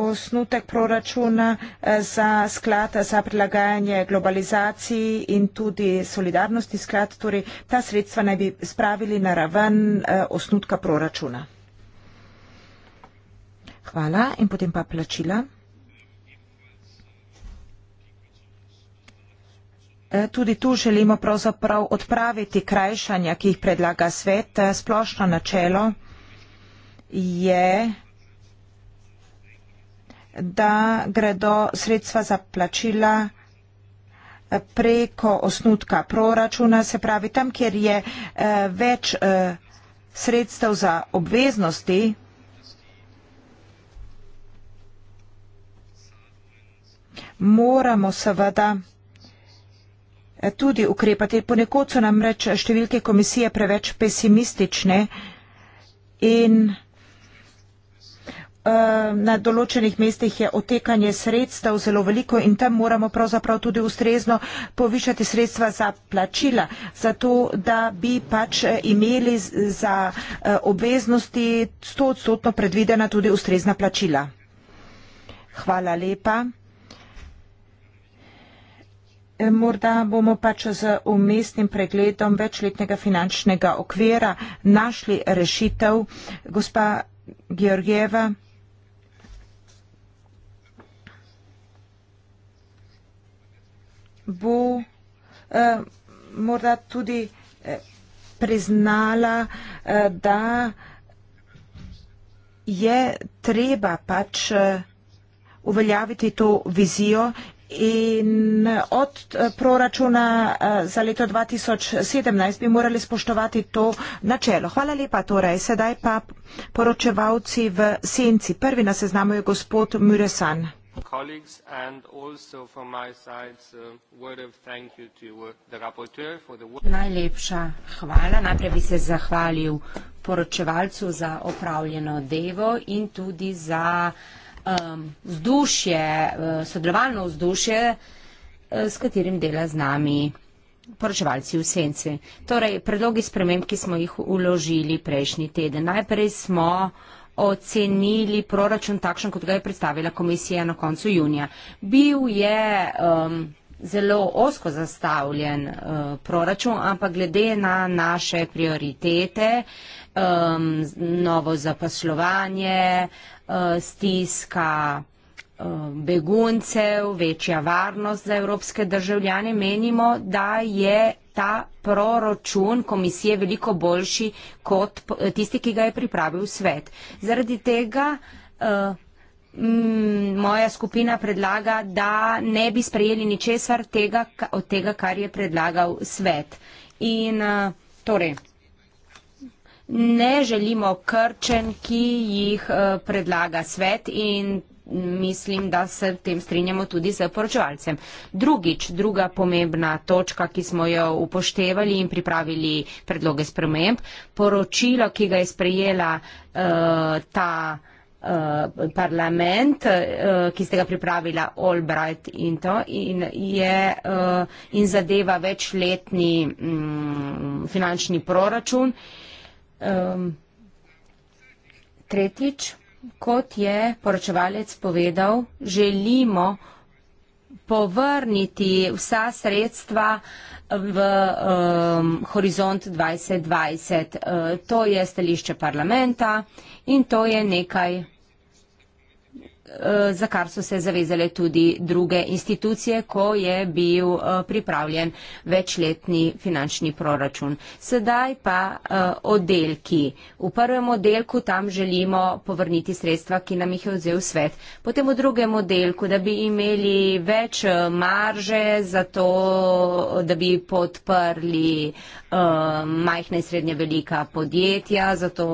Osnutek proračuna eh, za sklad za prilagajanje globalizaciji in tudi solidarnosti sklad, torej ta sredstva naj bi spravili na raven eh, osnutka proračuna. Hvala in potem pa plačila. E, tudi tu želimo pravzaprav odpraviti krajšanja, ki jih predlaga svet. E, splošno načelo je, da gredo sredstva za plačila e, preko osnutka proračuna, se pravi tam, kjer je več sredstev za obveznosti. Moramo seveda tudi ukrepati. Ponekod so namreč številke komisije preveč pesimistične in eh, na določenih mestih je otekanje sredstev zelo veliko in tam moramo pravzaprav tudi ustrezno povišati sredstva za plačila, zato da bi pač eh, imeli za eh, obveznosti 100 odstotno predvidena tudi ustrezna plačila. Hvala lepa. Eh, morda bomo pač z umestnim pregledom večletnega finančnega okvira našli rešitev. Gospa Georgieva. bo eh, morda tudi eh, priznala, eh, da je treba pač eh, uveljaviti to vizijo In od eh, proračuna eh, za leto 2017 bi morali spoštovati to načelo. Hvala lepa torej. Sedaj pa poročevalci v senci. Prvi na seznamu je gospod Muresan. Najlepša hvala. Najprej bi se zahvalil
poročevalcu za opravljeno devo in tudi za Um, vzdušje, uh, sodelovalno vzdušje, uh, s katerim dela z nami poročevalci v senci. Torej, predlogi sprememb, ki smo jih uložili prejšnji teden. Najprej smo ocenili proračun takšen, kot ga je predstavila komisija na koncu junija. Bil je um, zelo osko zastavljen uh, proračun, ampak glede na naše prioritete, um, novo zaposlovanje, uh, Eh, stiska eh, beguncev, večja varnost za evropske državljane, menimo, da je ta proračun komisije veliko boljši kot eh, tisti, ki ga je pripravil svet. Zaradi tega moja skupina predlaga, da ne bi sprejeli ničesar od tega, kar je predlagal svet. In torej, ne želimo krčen, ki jih eh, predlaga svet in mislim, da se v tem strinjamo tudi z poročevalcem. Drugič, druga pomembna točka, ki smo jo upoštevali in pripravili predloge sprememb, poročilo, ki ga je sprejela uh, ta uh, parlament, uh, ki ste ga pripravila Albright in to, in, je, uh, in zadeva večletni um, finančni proračun. Uh, Um, tretjič, kot je poročevalec povedal, želimo povrniti vsa sredstva v um, horizont 2020. Uh, to je stališče parlamenta in to je nekaj Eh, za kar so se zavezale tudi druge institucije, ko je bil eh, pripravljen večletni finančni proračun. Sedaj pa eh, oddelki. V prvem oddelku tam želimo povrniti sredstva, ki nam jih je vzel svet. Potem v drugem oddelku, da bi imeli več marže za to, da bi podprli majhna in srednja velika podjetja, zato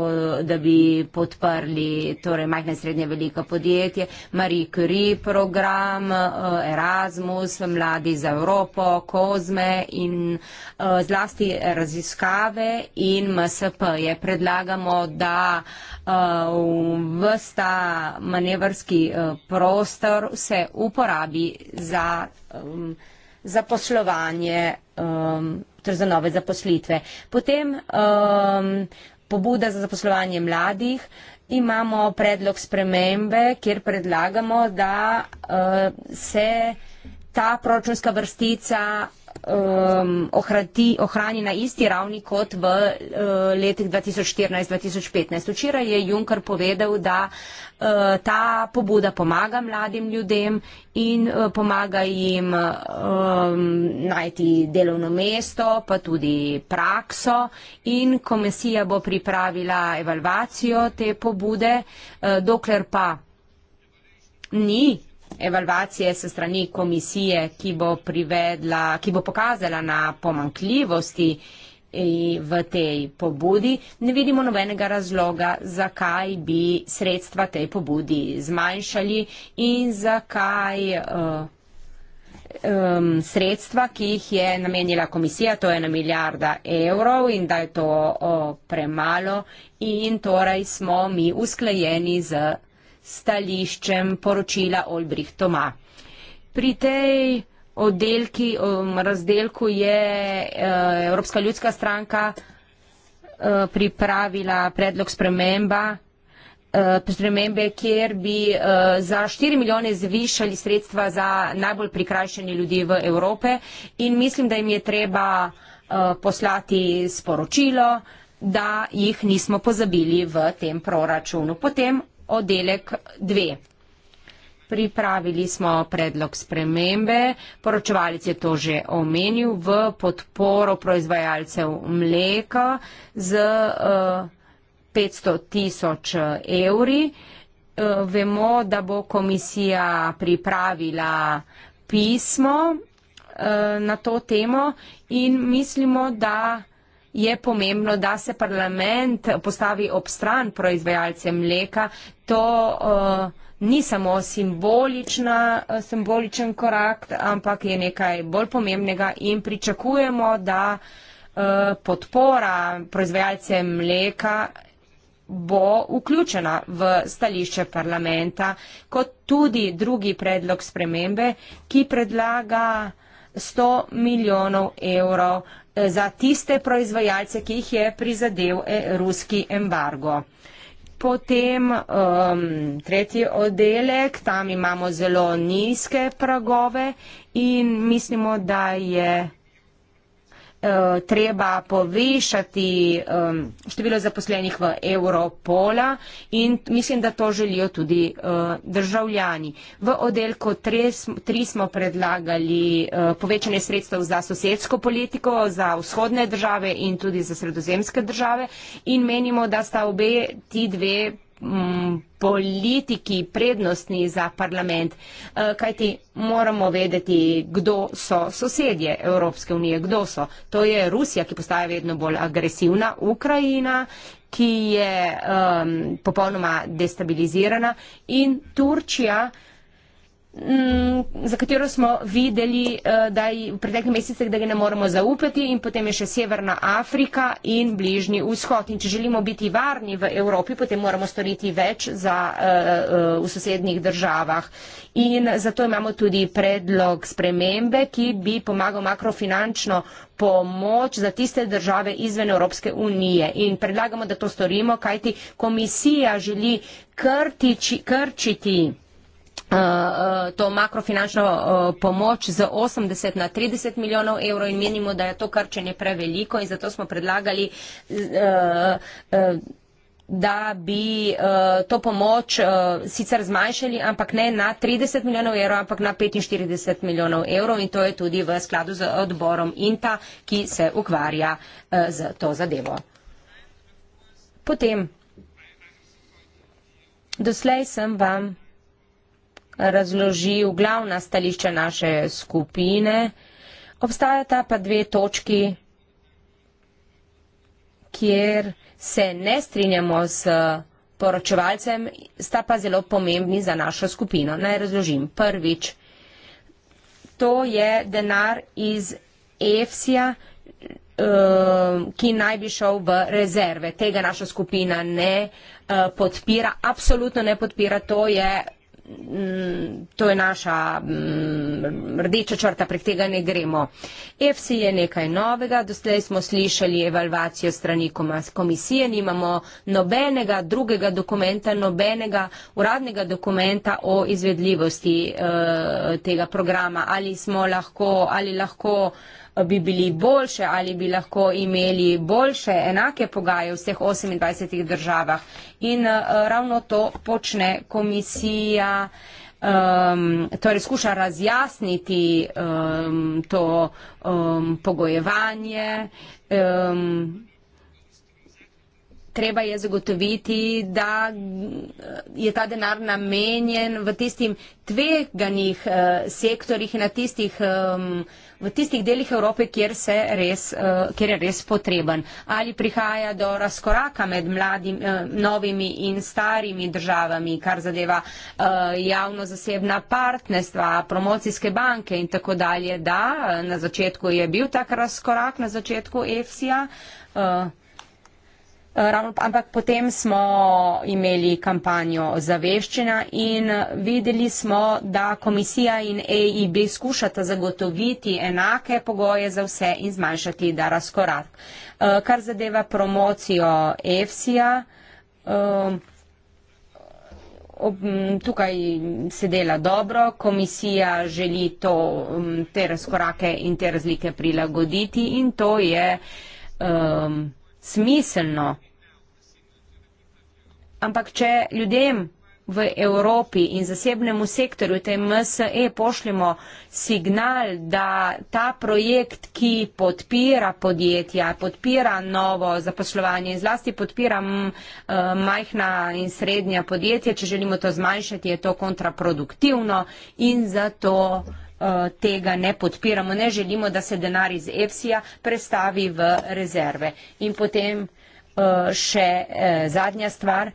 da bi podprli torej, majhna in srednja velika podjetja Marie Curie program, eh, Erasmus, Mladi za Evropo, Kozme in eh, zlasti raziskave in MSP. -je. Predlagamo, da eh, v sta manevrski prostor se uporabi za zaposlovanje, ter torej za nove zaposlitve. Potem um, pobuda za zaposlovanje mladih, imamo predlog spremembe, kjer predlagamo, da uh, se ta proračunska vrstica um, ohrati, ohrani na isti ravni kot v uh, letih 2014-2015. Včeraj je Juncker povedal, da uh, ta pobuda pomaga mladim ljudem in uh, pomaga jim um, najti delovno mesto, pa tudi prakso in komisija bo pripravila evalvacijo te pobude, uh, dokler pa ni evalvacije se strani komisije, ki bo, privedla, ki bo pokazala na pomankljivosti eh, v tej pobudi, ne vidimo nobenega razloga, zakaj bi sredstva tej pobudi zmanjšali in zakaj um, sredstva, ki jih je namenila komisija, to je na milijarda evrov in da je to o, premalo in torej smo mi usklajeni z stališčem poročila Olbrih Toma. Pri tej oddelki, um, razdelku je uh, Evropska ljudska stranka uh, pripravila predlog sprememba, uh, spremembe, kjer bi za 4 milijone zvišali sredstva za najbolj prikrajšene ljudi v Evrope in mislim, da jim je treba poslati sporočilo, da jih nismo pozabili v tem proračunu. Potem oddelek 2. Pripravili smo predlog spremembe, poročevalec je to že omenil, v podporo proizvajalcev mleka z 500 eh, tisoč eh, evri. Eh, vemo, da bo komisija pripravila pismo na to temo in mislimo, da je pomembno, da se parlament postavi ob stran proizvajalce mleka. To uh, ni samo simbolična, uh, simboličen korak, ampak je nekaj bolj pomembnega in pričakujemo, da uh, podpora proizvajalce mleka bo vključena v stališče parlamenta, kot tudi drugi predlog spremembe, ki predlaga 100 milijonov evrov Eh, za tiste proizvajalce, ki jih je prizadel eh, ruski embargo. Potem um, tretji oddelek, tam imamo zelo nizke pragove in mislimo, da je Eh, treba povešati eh, število zaposlenih v Europola in mislim, da to želijo tudi eh, državljani. V oddelku 3 smo predlagali povečanje sredstev za sosedsko politiko, za vzhodne države in tudi za sredozemske države in menimo, da sta obe ti dve m, mm, politiki prednostni za parlament, eh, kajti moramo vedeti, kdo so sosedje Evropske unije, kdo so. To je Rusija, ki postaja vedno bolj agresivna, Ukrajina, ki je um, popolnoma destabilizirana in Turčija, Mm, za katero smo videli eh, da je v preteklih mesecih, da ga ne moremo zaupati in potem je še Severna Afrika in Bližnji vzhod. In če želimo biti varni v Evropi, potem moramo storiti več za, eh, eh, v sosednjih državah. In zato imamo tudi predlog spremembe, ki bi pomagal makrofinančno pomoč za tiste države izven Evropske unije. In predlagamo, da to storimo, kajti komisija želi krtiči, krčiti Eh, eh, to makrofinančno eh, pomoč z 80 na 30 milijonov evrov in menimo, da je to krčenje preveliko in zato smo predlagali da bi uh, to pomoč uh, sicer zmanjšali, ampak ne na 30 milijonov evrov, ampak na 45 milijonov evrov in to je tudi v skladu z odborom INTA, ki se ukvarja uh, z to zadevo. Potem, doslej sem vam razložil glavna stališča naše skupine. Obstajata pa dve točki, kjer se ne strinjamo s poročevalcem, sta pa zelo pomembni za našo skupino. Naj razložim. Prvič, to je denar iz EFSIA, eh, ki naj bi šel v rezerve. Tega naša skupina ne eh, podpira, absolutno ne podpira. To je Mm, to je naša mm, rdeča črta, prek tega ne gremo. EFSI je nekaj novega, doslej smo slišali evalvacijo strani komisije, nimamo nobenega drugega dokumenta, nobenega uradnega dokumenta o izvedljivosti uh, tega programa. Ali smo lahko, ali lahko uh, bi bili boljše ali bi lahko imeli boljše, enake pogaje v vseh 28 državah. In eh, ravno to počne komisija, um, torej skuša razjasniti um, to um, pogojevanje. Um, Treba je zagotoviti, da eh, je ta denar namenjen v tistim tveganih uh, sektorjih in na tistih um, uh, v tistih delih Evrope, kjer, res, eh, kjer je res potreben. Ali prihaja do razkoraka med mladim, eh, novimi in starimi državami, kar zadeva eh, javno-zasebna partnerstva, promocijske banke in tako dalje. Da, na začetku je bil tak razkorak, na začetku EFSI-a. Uh, Eh, ravno, ampak potem smo imeli kampanjo zaveščena in videli smo, da komisija in EIB skušata zagotoviti enake pogoje za vse in zmanjšati da razkorak. Eh, kar zadeva promocijo EFSI-ja, eh, tukaj se dela dobro, komisija želi to, te razkorake in te razlike prilagoditi in to je smiselno. Ampak če ljudem v Evropi in zasebnemu sektorju, tem MSE, pošljemo signal, da ta projekt, ki podpira podjetja, podpira novo zaposlovanje in zlasti podpira eh, majhna in srednja podjetja, če želimo to zmanjšati, je to kontraproduktivno in zato eh, tega ne podpiramo. Ne želimo, da se denar iz EFSI-ja prestavi v rezerve. In potem eh, še zadnja stvar.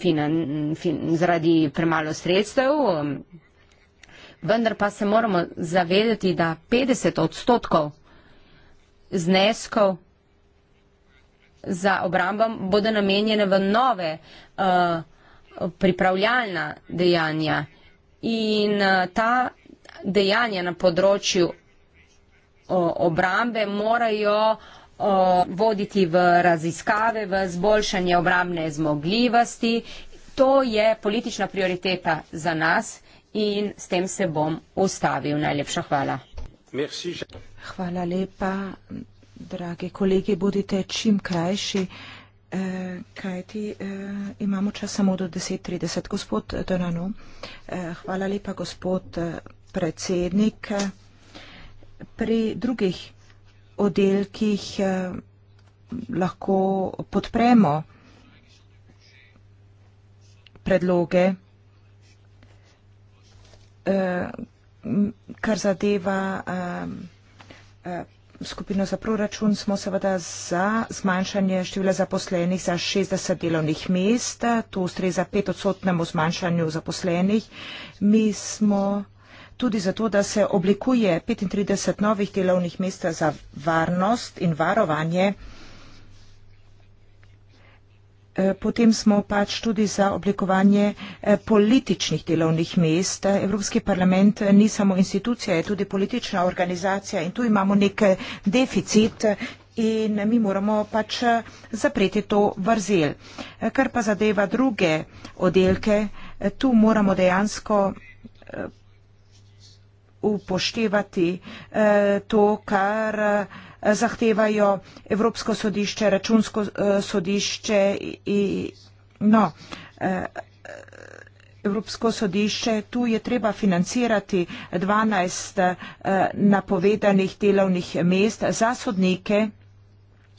finan, fin, zaradi premalo sredstev. Vendar pa se moramo zavedati, da 50 odstotkov zneskov za obrambam bodo namenjene v nove uh, pripravljalna dejanja. In uh, ta dejanja na področju uh, obrambe morajo uh, Eh, voditi v raziskave, v zboljšanje obramne zmogljivosti. To je politična prioriteta za nas in s tem se bom ustavil. Najlepša
hvala. Hvala lepa. Dragi kolegi, bodite čim krajši, eh, kajti eh, imamo čas samo do 10.30. Gospod Donano, eh, hvala lepa, gospod eh, predsednik. Pri drugih oddelkih eh, lahko podpremo predloge, eh, kar zadeva eh, skupino za proračun, smo seveda za zmanjšanje števila zaposlenih za 60 delovnih mest, to ustreza 5-odstotnemu zmanjšanju zaposlenih. Mi smo tudi zato, da se oblikuje 35 novih delovnih mest za varnost in varovanje. E, potem smo pač tudi za oblikovanje e, političnih delovnih mest. Evropski parlament ni samo institucija, je tudi politična organizacija in tu imamo nek deficit in mi moramo pač e, zapreti to vrzel. Kar pa zadeva druge oddelke, tu moramo dejansko upoštevati eh, to, kar eh, zahtevajo Evropsko sodišče, Računsko eh, sodišče in no, Evropsko sodišče. Tu je treba financirati 12 napovedanih delovnih mest za sodnike,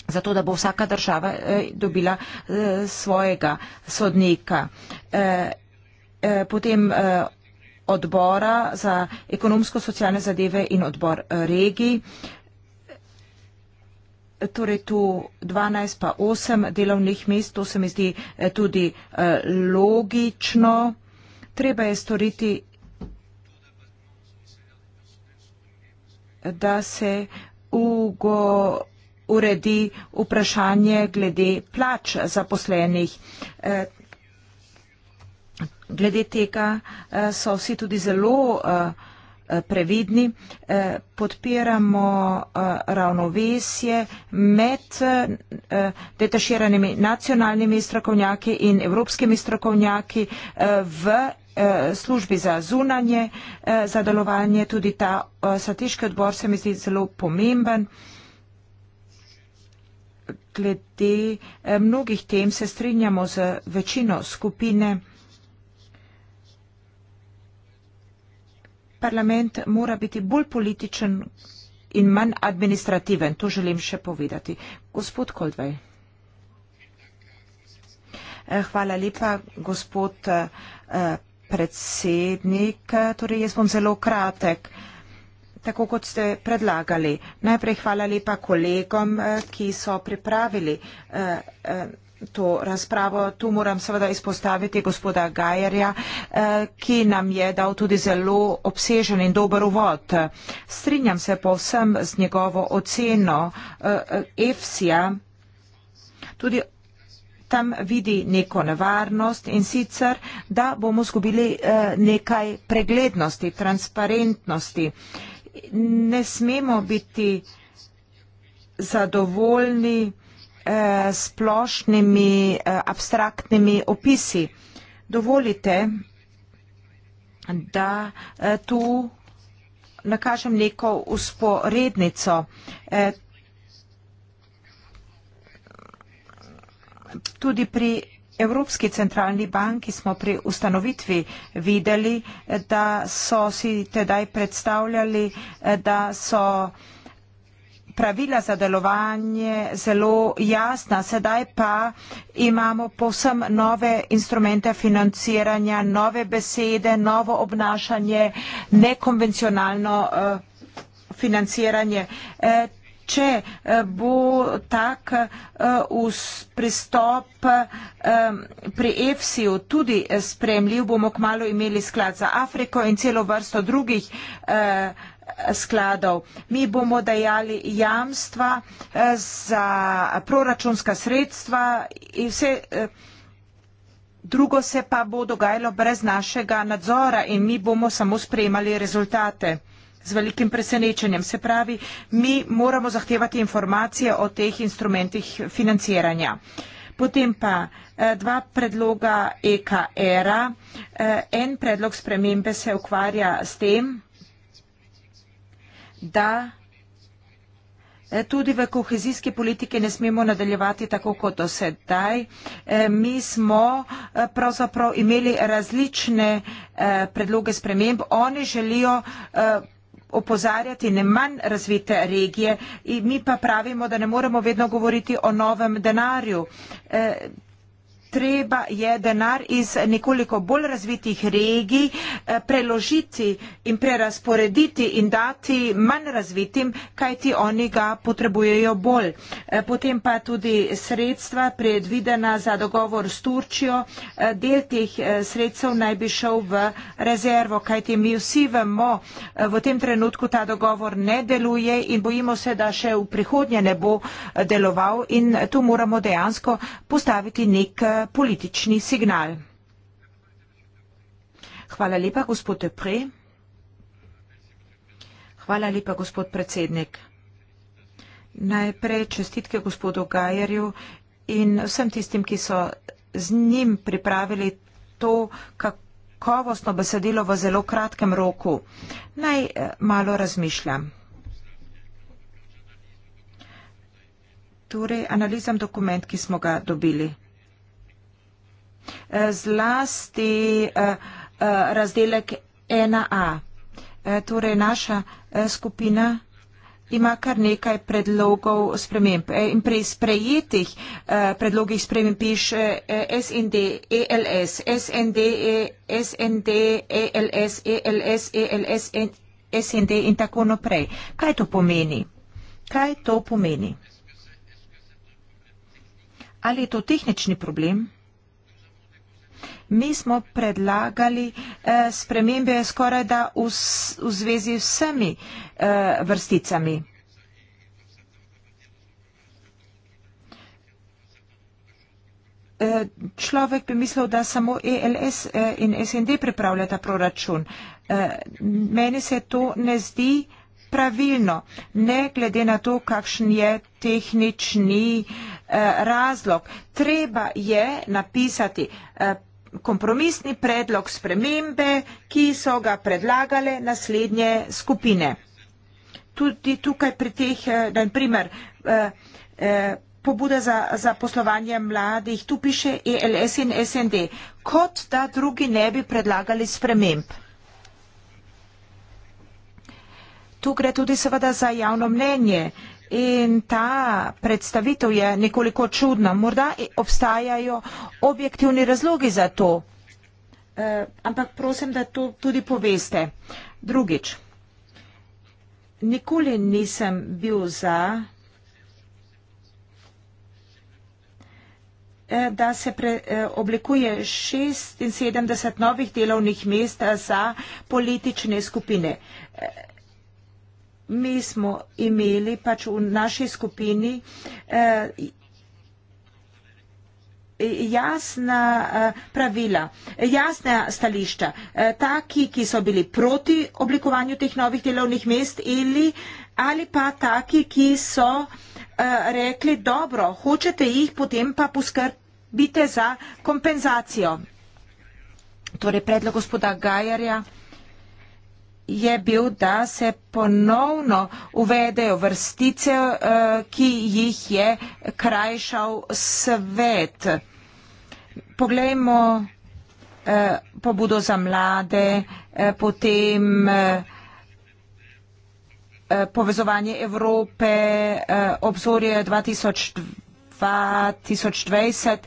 zato da bo vsaka država dobila svojega sodnika. Potem odbora za ekonomsko-socialne zadeve in odbor eh, regij. Torej tu 12 pa 8 delovnih mest, to se mi zdi eh, tudi eh, logično. Treba je storiti, da se ugo uredi vprašanje glede plač zaposlenih glede tega eh, so vsi tudi zelo eh, eh, previdni. Podpiramo ravnovesje med detaširanimi nacionalnimi strokovnjaki in evropskimi strokovnjaki v službi za zunanje, za delovanje. Tudi ta strateški odbor se mi zdi zelo pomemben. Glede mnogih tem se strinjamo z večino skupine. parlament mora biti bolj političen in manj administrativen. To želim še povedati. Gospod Koldvej. Eh, hvala lepa, gospod eh, predsednik. Torej, jaz bom zelo kratek. Tako kot ste predlagali. Najprej hvala lepa kolegom, eh, ki so pripravili to razpravo. Tu moram seveda izpostaviti gospoda Gajerja, eh, ki nam je dal tudi zelo obsežen in dober uvod. Strinjam se povsem z njegovo oceno EFSIA. Eh, tudi tam vidi neko nevarnost in sicer, da bomo zgubili eh, nekaj preglednosti, transparentnosti. Ne smemo biti zadovoljni eh, splošnimi eh, abstraktnimi opisi. Dovolite, da eh, tu nakažem neko usporednico. Eh, tudi pri Evropski centralni banki smo pri ustanovitvi videli, eh, da so si tedaj predstavljali, eh, da so eh, pravila za delovanje zelo jasna, sedaj pa imamo posem nove instrumente financiranja, nove besede, novo obnašanje, nekonvencionalno uh, financiranje. Uh, če uh, bo tak uh, pristop uh, pri EFSI-ju tudi spremljiv, bomo kmalo imeli sklad za Afriko in celo vrsto drugih. Uh, skladov. Mi bomo dajali jamstva eh, za proračunska sredstva in vse eh, drugo se pa bo dogajalo brez našega nadzora in mi bomo samo spremali rezultate z velikim presenečenjem. Se pravi, mi moramo zahtevati informacije o teh instrumentih financiranja. Potem pa eh, dva predloga EKR-a. En predlog spremembe se ukvarja s tem, da eh, tudi v kohezijski politiki ne smemo nadaljevati tako kot do sedaj. Eh, mi smo eh, pravzaprav imeli različne predloge sprememb. Oni želijo opozarjati ne manj razvite regije in mi pa pravimo, da ne moremo vedno govoriti o novem denarju treba je denar iz nekoliko bolj razvitih regij eh, preložiti in prerasporediti in dati manj razvitim, kajti oni ga potrebujejo bolj. Eh, potem pa tudi sredstva predvidena za dogovor s Turčijo, eh, del teh sredstev naj bi šel v rezervo, kajti mi vsi vemo, v tem trenutku ta dogovor ne deluje in bojimo se, da še v prihodnje ne bo deloval in tu moramo dejansko postaviti nek politični signal. Hvala lepa, gospod Depre. Hvala lepa, gospod predsednik. Najprej čestitke gospodu Gajerju in vsem tistim, ki so z njim pripravili to kakovostno besedilo v zelo kratkem roku. Naj eh, malo razmišljam. Torej, analizam dokument, ki smo ga dobili zlasti eh, eh, razdelek 1a. Eh, torej, naša skupina ima kar nekaj predlogov sprememb. In pri sprejetih predlogih sprememb piše SND, ELS, SND, SND, ELS, e ELS, ELS, SND in tako naprej. Kaj to pomeni? Kaj to pomeni? Ali je to tehnični problem? Mi smo predlagali eh, spremembe skoraj da v, v zvezi vsemi eh, vrsticami. Eh, človek bi mislil, da samo ELS eh, in SND pripravljata proračun. Eh, meni se to ne zdi pravilno, ne glede na to, kakšen je tehnični razlog. Treba je napisati kompromisni predlog spremembe, ki so ga predlagale naslednje skupine. Tudi tukaj pri teh, eh, na primer, eh, eh, pobuda za, za poslovanje mladih, tu piše ELS in SND, kot da drugi ne bi predlagali sprememb. Tu gre tudi seveda za javno mnenje. Uh, in ta predstavitev je nekoliko čudna. Morda obstajajo objektivni razlogi za to, e, ampak prosim, da to tudi poveste. Drugič, nikoli nisem bil za, eh, da se pre, eh, oblikuje 76 novih delovnih mest za politične skupine mi smo imeli pač v naši skupini eh, jasna eh, pravila, jasna stališča. Eh, taki, ki so bili proti oblikovanju teh novih delovnih mest ali, ali pa taki, ki so rekli, dobro, hočete jih, potem pa poskrbite za kompenzacijo. Torej, predlog gospoda Gajarja je bil, da se ponovno uvedejo vrstice, eh, ki jih je krajšal svet. Poglejmo eh, pobudo za mlade, eh, potem povezovanje Evrope, obzorje 2020. 2020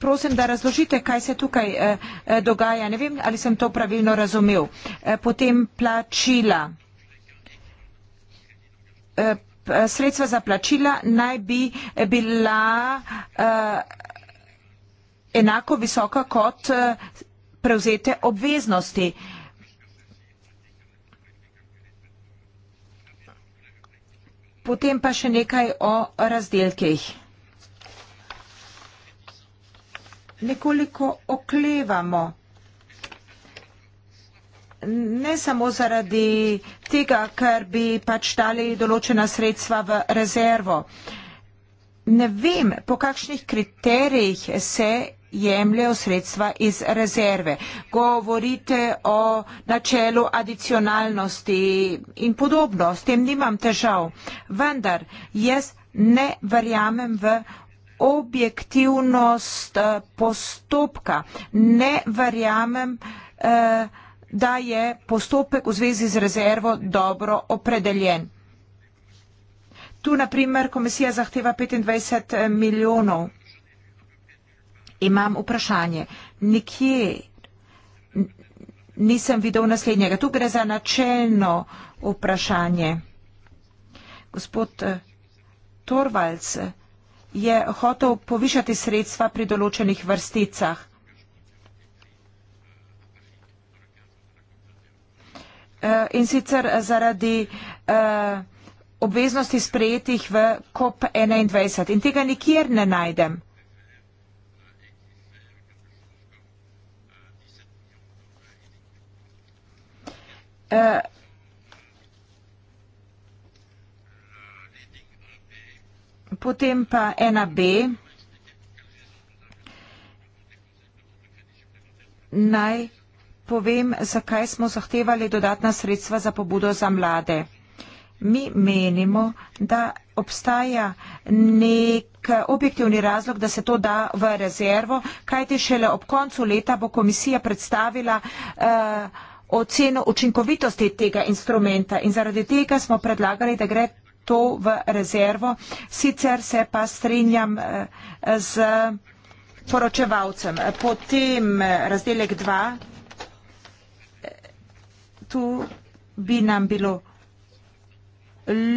prosim, da razložite, kaj se tukaj eh, eh, dogaja. Ne vem, ali sem to pravilno razumel. Eh, potem plačila. Sredstva za plačila naj bi bila enako visoka kot prevzete obveznosti. Potem pa še nekaj o razdelkih. nekoliko oklevamo. Ne samo zaradi tega, ker bi pač dali določena sredstva v rezervo. Ne vem, po kakšnih kriterijih se jemljajo sredstva iz rezerve. Govorite o načelu adicionalnosti in podobno. S tem nimam težav. Vendar jaz ne verjamem v objektivnost eh, postopka. Ne verjamem, eh, da je postopek v zvezi z rezervo dobro opredeljen. Tu, na primer, komisija zahteva 25 eh, milijonov. Imam vprašanje. Nikje nisem videl naslednjega. Tu gre za načelno vprašanje. Gospod Torvalc, je hotel povišati sredstva pri določenih vrsticah. E, in sicer zaradi e, obveznosti sprejetih v COP21 in tega nikjer ne najdem. Uh, Potem pa ena B. Naj povem, zakaj smo zahtevali dodatna sredstva za pobudo za mlade. Mi menimo, da obstaja nek objektivni razlog, da se to da v rezervo, kajti šele ob koncu leta bo komisija predstavila uh, oceno učinkovitosti tega instrumenta in zaradi tega smo predlagali, da gre to v rezervo. Sicer se pa strinjam eh, z poročevalcem. Potem eh, razdelek 2. Eh, tu bi nam bilo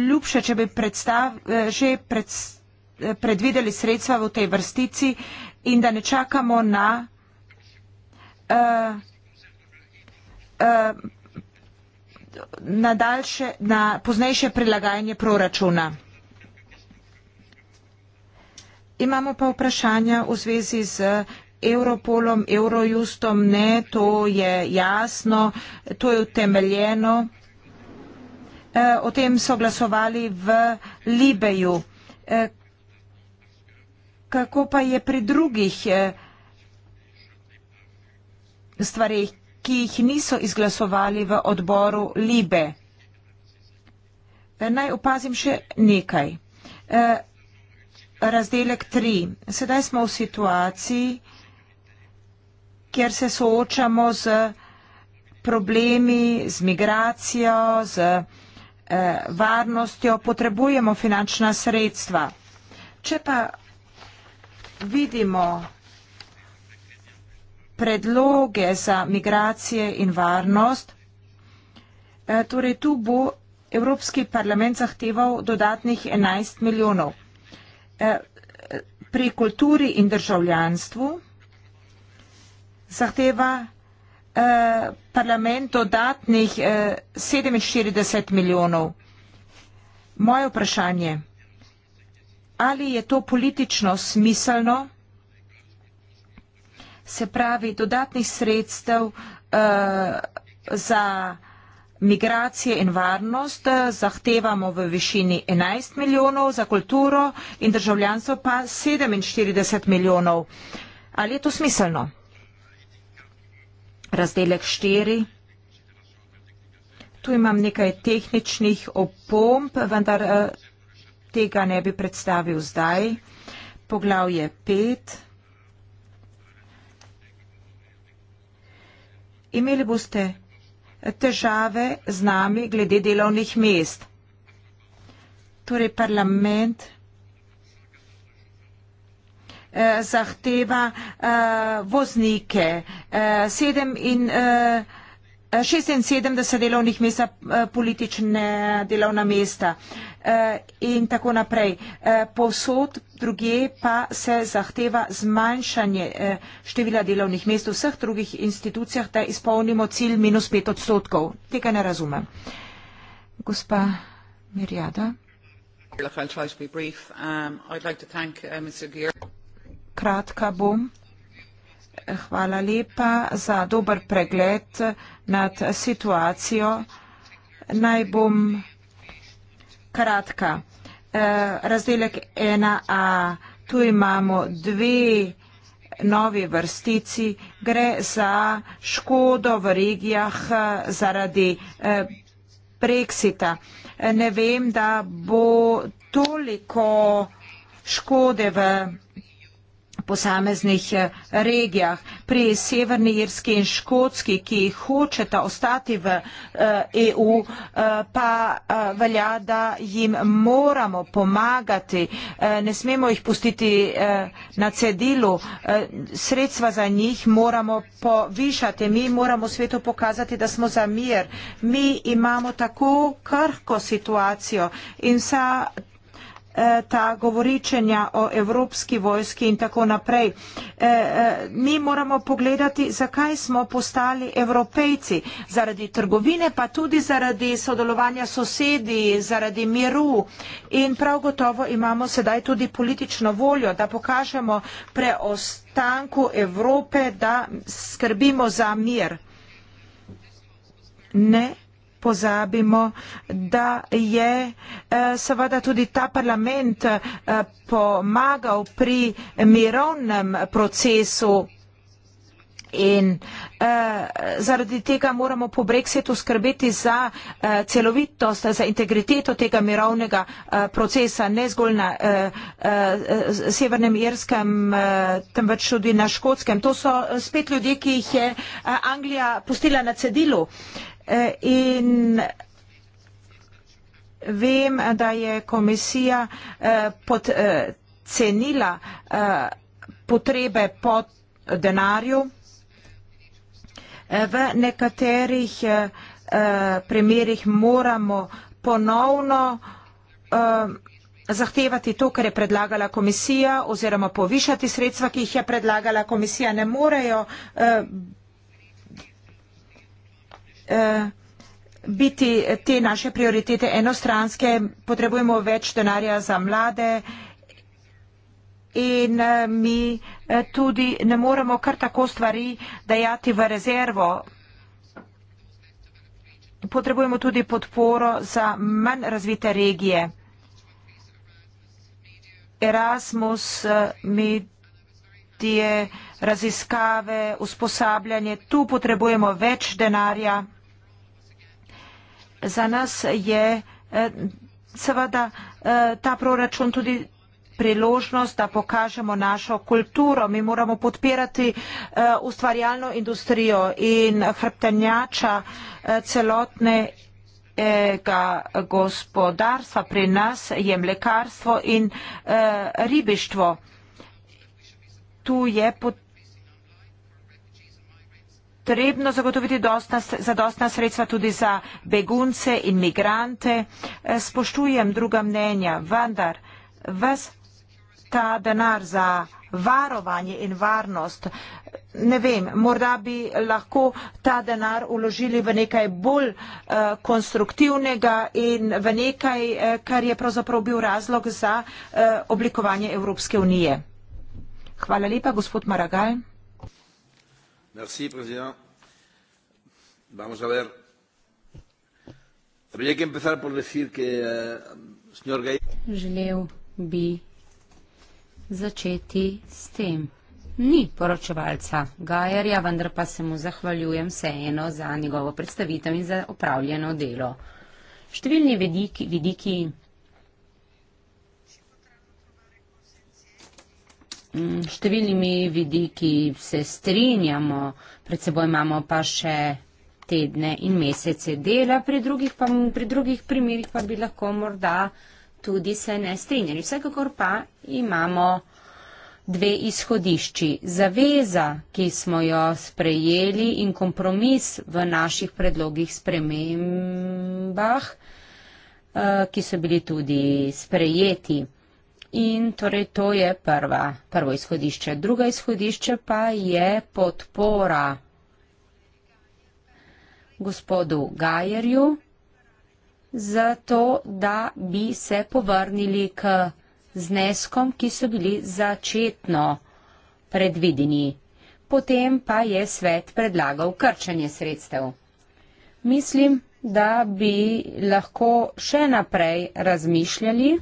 ljubše, če bi predstav, že pred, predvideli sredstva v tej vrstici in da ne čakamo na uh, uh, na daljše, na poznejše prilagajanje proračuna. Imamo pa vprašanja v zvezi z Europolom, Eurojustom. Ne, to je jasno, to je utemeljeno. E, o tem so glasovali v Libeju. E, kako pa je pri drugih e, stvarih, ki jih niso izglasovali v odboru Libe. E, naj opazim še nekaj. E, razdelek 3. Sedaj smo v situaciji, kjer se soočamo z problemi, z migracijo, z e, varnostjo, potrebujemo finančna sredstva. Če pa vidimo predloge za migracije in varnost. E, torej tu bo Evropski parlament zahteval dodatnih 11 milijonov. E, pri kulturi in državljanstvu zahteva e, parlament dodatnih 47 milijonov. Moje vprašanje, ali je to politično smiselno? se pravi dodatnih sredstev uh, za migracije in varnost eh, zahtevamo v višini 11 milijonov, za kulturo in državljanstvo pa 47 milijonov. Ali je to smiselno? Razdelek 4. Tu imam nekaj tehničnih opomp, vendar eh, tega ne bi predstavil zdaj. Poglavje 5. Imeli boste težave z nami glede delovnih mest. Torej parlament eh, zahteva eh, voznike, eh, sedem in eh, 76 eh, delovnih mesta, eh, politične delovna mesta eh, in tako naprej. Posod druge pa se zahteva zmanjšanje števila delovnih mest v vseh drugih institucijah, da izpolnimo cilj minus pet odstotkov. Tega ne razumem. Gospa Mirjada. Um, uh, Kratka bom. Hvala lepa za dober pregled nad situacijo. Naj bom kratka. Eh, razdelek 1a. Tu imamo dve novi vrstici. Gre za škodo v regijah eh, zaradi eh, Brexita. Ne vem, da bo toliko škode v posameznih eh, regijah. Pri Severni Irski in Škotski, ki hočeta ostati v EU, eh, e eh, pa velja, da jim moramo pomagati. Ne smemo jih pustiti na cedilu. Sredstva za njih moramo povišati. Mi moramo svetu pokazati, da smo za mir. Mi imamo tako krhko situacijo in vsa Eh, ta govoričenja o evropski vojski in tako naprej. Eh, eh, mi moramo pogledati, zakaj smo postali evropejci. Zaradi trgovine, pa tudi zaradi sodelovanja sosedi, zaradi miru. In prav gotovo imamo sedaj tudi politično voljo, da pokažemo preostanku Evrope, da skrbimo za mir. Ne pozabimo, da je eh, seveda tudi ta parlament eh, pomagal pri mirovnem procesu. In eh, zaradi tega moramo po Brexitu skrbeti za eh, celovitost, za integriteto tega mirovnega eh, procesa, ne zgolj na eh, eh, Severnem Irskem, eh, temveč tudi na Škotskem. To so eh, spet ljudje, ki jih je eh, Anglija pustila na cedilu. Eh, in vem, da je komisija eh, podcenila eh, potrebe po denarju v nekaterih eh, primerih moramo ponovno uh, zahtevati to, kar je predlagala komisija oziroma povišati sredstva, ki jih je predlagala komisija. Ne morejo uh, Eh, biti te naše prioritete enostranske, potrebujemo več denarja za mlade in eh, mi eh, tudi ne moremo kar tako stvari dajati v rezervo. Potrebujemo tudi podporo za manj razvite regije. Erasmus, medije, raziskave, usposabljanje, tu potrebujemo več denarja za nas je eh, seveda eh, ta proračun tudi priložnost, da pokažemo našo kulturo. Mi moramo podpirati eh, ustvarjalno industrijo in hrbtenjača celotne gospodarstva pri nas je mlekarstvo in e, ribištvo. Tu je pot, potrebno zagotoviti dostna, zadostna sredstva tudi za begunce in migrante. E, spoštujem druga mnenja, vendar vas ta denar za varovanje in varnost, ne vem, morda bi lahko ta denar uložili v nekaj bolj uh, konstruktivnega in v nekaj, uh, kar je pravzaprav bil razlog za uh, oblikovanje Evropske unije. Hvala lepa, gospod Maragaj. Merci, Presidente. Vamos a ver. Habría que empezar por decir que, uh, señor Gay...
Želel bi začeti s tem. Ni poročevalca Gajerja, vendar pa se mu zahvaljujem vseeno za njegovo predstavitev in za opravljeno delo. Številni vidiki, vidiki Mm, številnimi vidiki se strinjamo, pred seboj imamo pa še tedne in mesece dela, pri drugih, pa, pri drugih primerih pa bi lahko morda tudi se ne strinjali. Vsekakor pa imamo dve izhodišči. Zaveza, ki smo jo sprejeli in kompromis v naših predlogih spremembah, eh, ki so bili tudi sprejeti. In torej to je prva, prvo izhodišče. Druga izhodišče pa je podpora gospodu Gajerju za to, da bi se povrnili k zneskom, ki so bili začetno predvideni. Potem pa je svet predlagal krčanje sredstev. Mislim, da bi lahko še naprej razmišljali,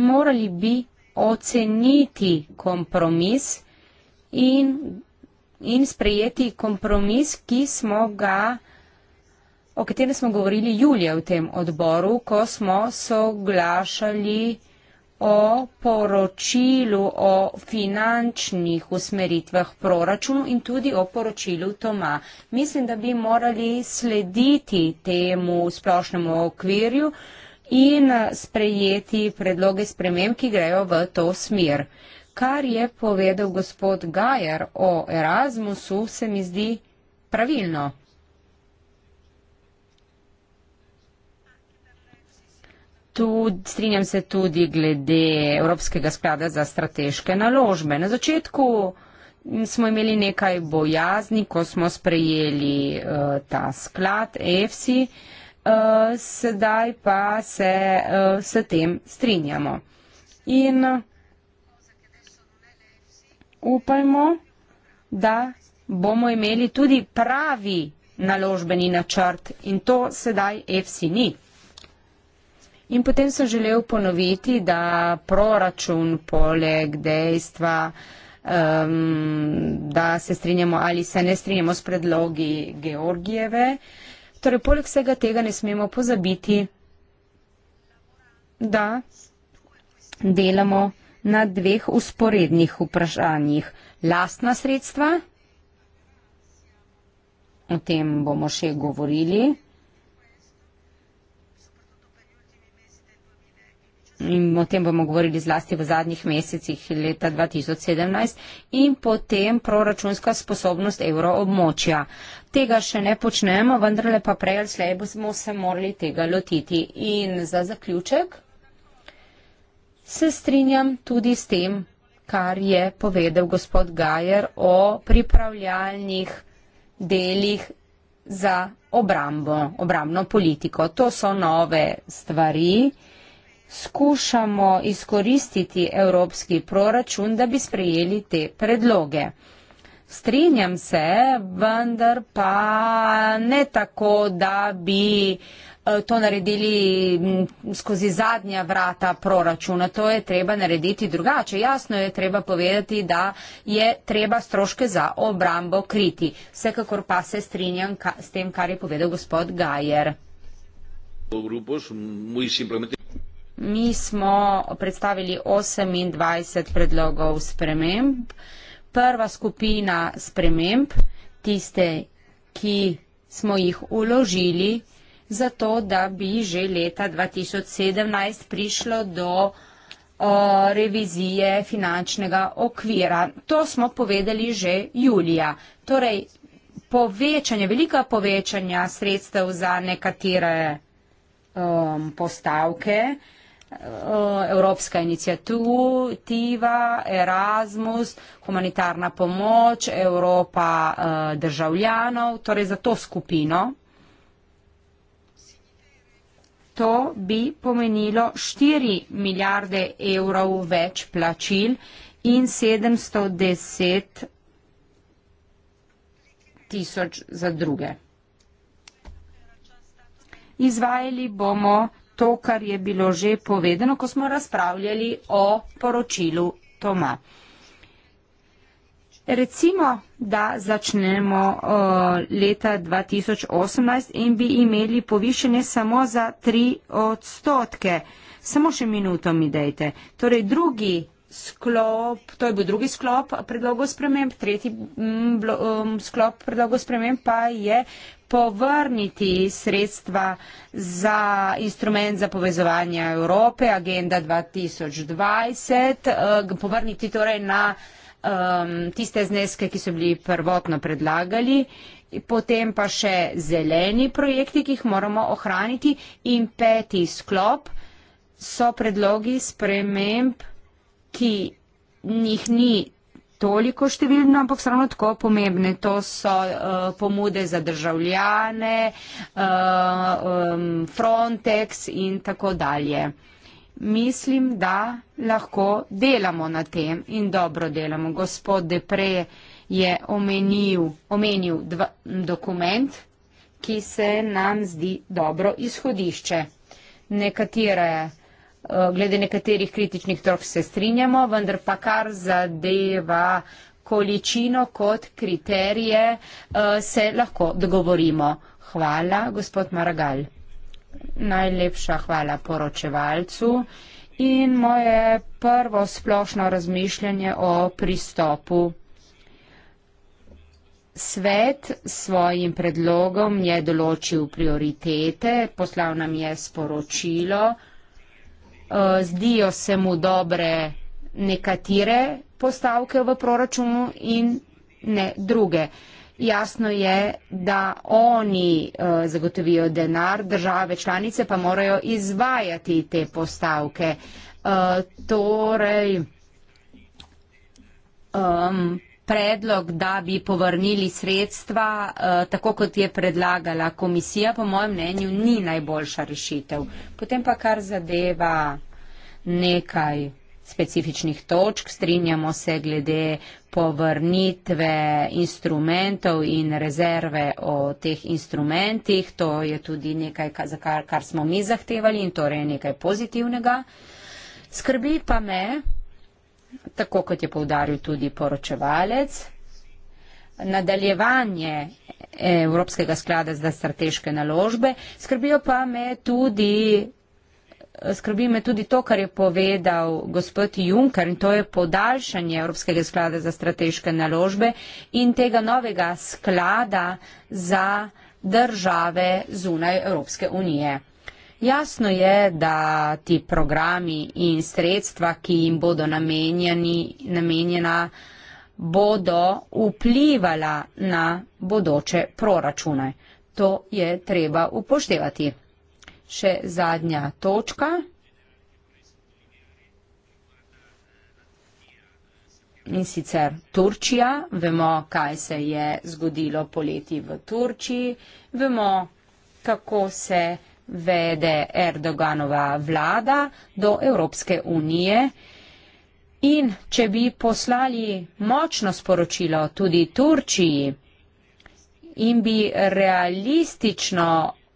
morali bi oceniti kompromis in, in sprejeti kompromis, ki smo ga, o katerem smo govorili julija v tem odboru, ko smo soglašali o poročilu o finančnih usmeritvah proračunu in tudi o poročilu Toma. Mislim, da bi morali slediti temu splošnemu okvirju, uh, in sprejeti predloge sprememb, ki grejo v to smer. Kar je povedal gospod Gajer o Erasmusu, se mi zdi pravilno. Tudi, strinjam se tudi glede Evropskega sklada za strateške naložbe. Na začetku smo imeli nekaj bojazni, ko smo sprejeli uh, ta sklad EFSI. Uh, Eh, sedaj pa se eh, s tem strinjamo. In upajmo, da bomo imeli tudi pravi naložbeni načrt in to sedaj EFSI ni. In potem sem želel ponoviti, da proračun poleg dejstva, um, da se strinjamo ali se ne strinjamo s predlogi Georgijeve, uh, Torej, poleg vsega tega ne smemo pozabiti, da delamo na dveh usporednih vprašanjih. Lastna sredstva, o tem bomo še govorili, in o tem bomo govorili zlasti v zadnjih mesecih leta 2017 in potem proračunska sposobnost evroobmočja. Tega še ne počnemo, vendar le pa prej ali slej bomo se morali tega lotiti. In za zaključek se strinjam tudi s tem, kar je povedal gospod Gajer o pripravljalnih delih za obrambo, obrambno politiko. To so nove stvari skušamo izkoristiti evropski proračun, da bi sprejeli te predloge. Strinjam se, vendar pa ne tako, da bi eh, to naredili mm, skozi zadnja vrata proračuna. To je treba narediti drugače. Jasno je treba povedati, da je treba stroške za obrambo kriti. Vsekakor pa se strinjam s tem, kar je povedal gospod Gajer.
Grupos, muy simplemente...
Mi smo predstavili 28 predlogov sprememb. Prva skupina sprememb, tiste, ki smo jih uložili, zato da bi že leta 2017 prišlo do o, revizije finančnega okvira. To smo povedali že julija. Torej, povečanje, velika povečanja sredstev za nekatere o, postavke, o, Eh, Evropska inicijativa, Erasmus, humanitarna pomoč, Evropa eh, državljanov, torej za to skupino. To bi pomenilo 4 milijarde evrov več plačil in 710 tisoč za druge. Izvajali bomo to, kar je bilo že povedano, ko smo razpravljali o poročilu Toma. Recimo, da začnemo uh, leta 2018 in bi imeli povišene samo za 3 odstotke. Samo še minuto mi dejte. Torej, drugi sklop, to je bil drugi sklop predlogov sprememb, tretji um, sklop predlogov sprememb pa je povrniti sredstva za instrument za povezovanje Evrope, Agenda 2020, uh, eh, povrniti torej na um, tiste zneske, ki so bili prvotno predlagali, potem pa še zeleni projekti, ki jih moramo ohraniti in peti sklop so predlogi sprememb ki njih ni toliko številno, ampak ravno tako pomembne. To so uh, pomude za državljane, uh, um, Frontex in tako dalje. Mislim, da lahko delamo na tem in dobro delamo. Gospod Depre je omenil, omenil dva, dokument, ki se nam zdi dobro izhodišče. Nekatere Eh, glede nekaterih kritičnih trok se strinjamo, vendar pa kar zadeva količino kot kriterije eh, se lahko dogovorimo. Hvala, gospod Maragal. Najlepša hvala poročevalcu. In moje prvo splošno razmišljanje o pristopu. Svet svojim predlogom je določil prioritete, poslal nam je sporočilo, Eh, zdijo se mu dobre nekatere postavke v proračunu in ne druge. Jasno je, da oni eh, zagotovijo denar, države članice pa morajo izvajati te postavke. Eh, torej, um, predlog, da bi povrnili sredstva, eh, tako kot je predlagala komisija, po mojem mnenju, ni najboljša rešitev. Potem pa kar zadeva nekaj specifičnih točk, strinjamo se glede povrnitve instrumentov in rezerve o teh instrumentih, to je tudi nekaj, za kar, kar smo mi zahtevali in torej nekaj pozitivnega. Skrbi pa me, tako kot je povdaril tudi poročevalec. Nadaljevanje eh, Evropskega sklada za strateške naložbe skrbijo pa me tudi. Skrbi me tudi to, kar je povedal gospod Juncker in to je podaljšanje Evropskega sklada za strateške naložbe in tega novega sklada za države zunaj Evropske unije. Jasno je, da ti programi in sredstva, ki jim bodo namenjena, bodo vplivala na bodoče proračune. To je treba upoštevati. Še zadnja točka. In sicer Turčija. Vemo, kaj se je zgodilo poleti v Turčiji. Vemo, kako se je zgodilo vede Erdoganova vlada do Evropske unije. In če bi poslali močno sporočilo tudi Turčiji in bi realistično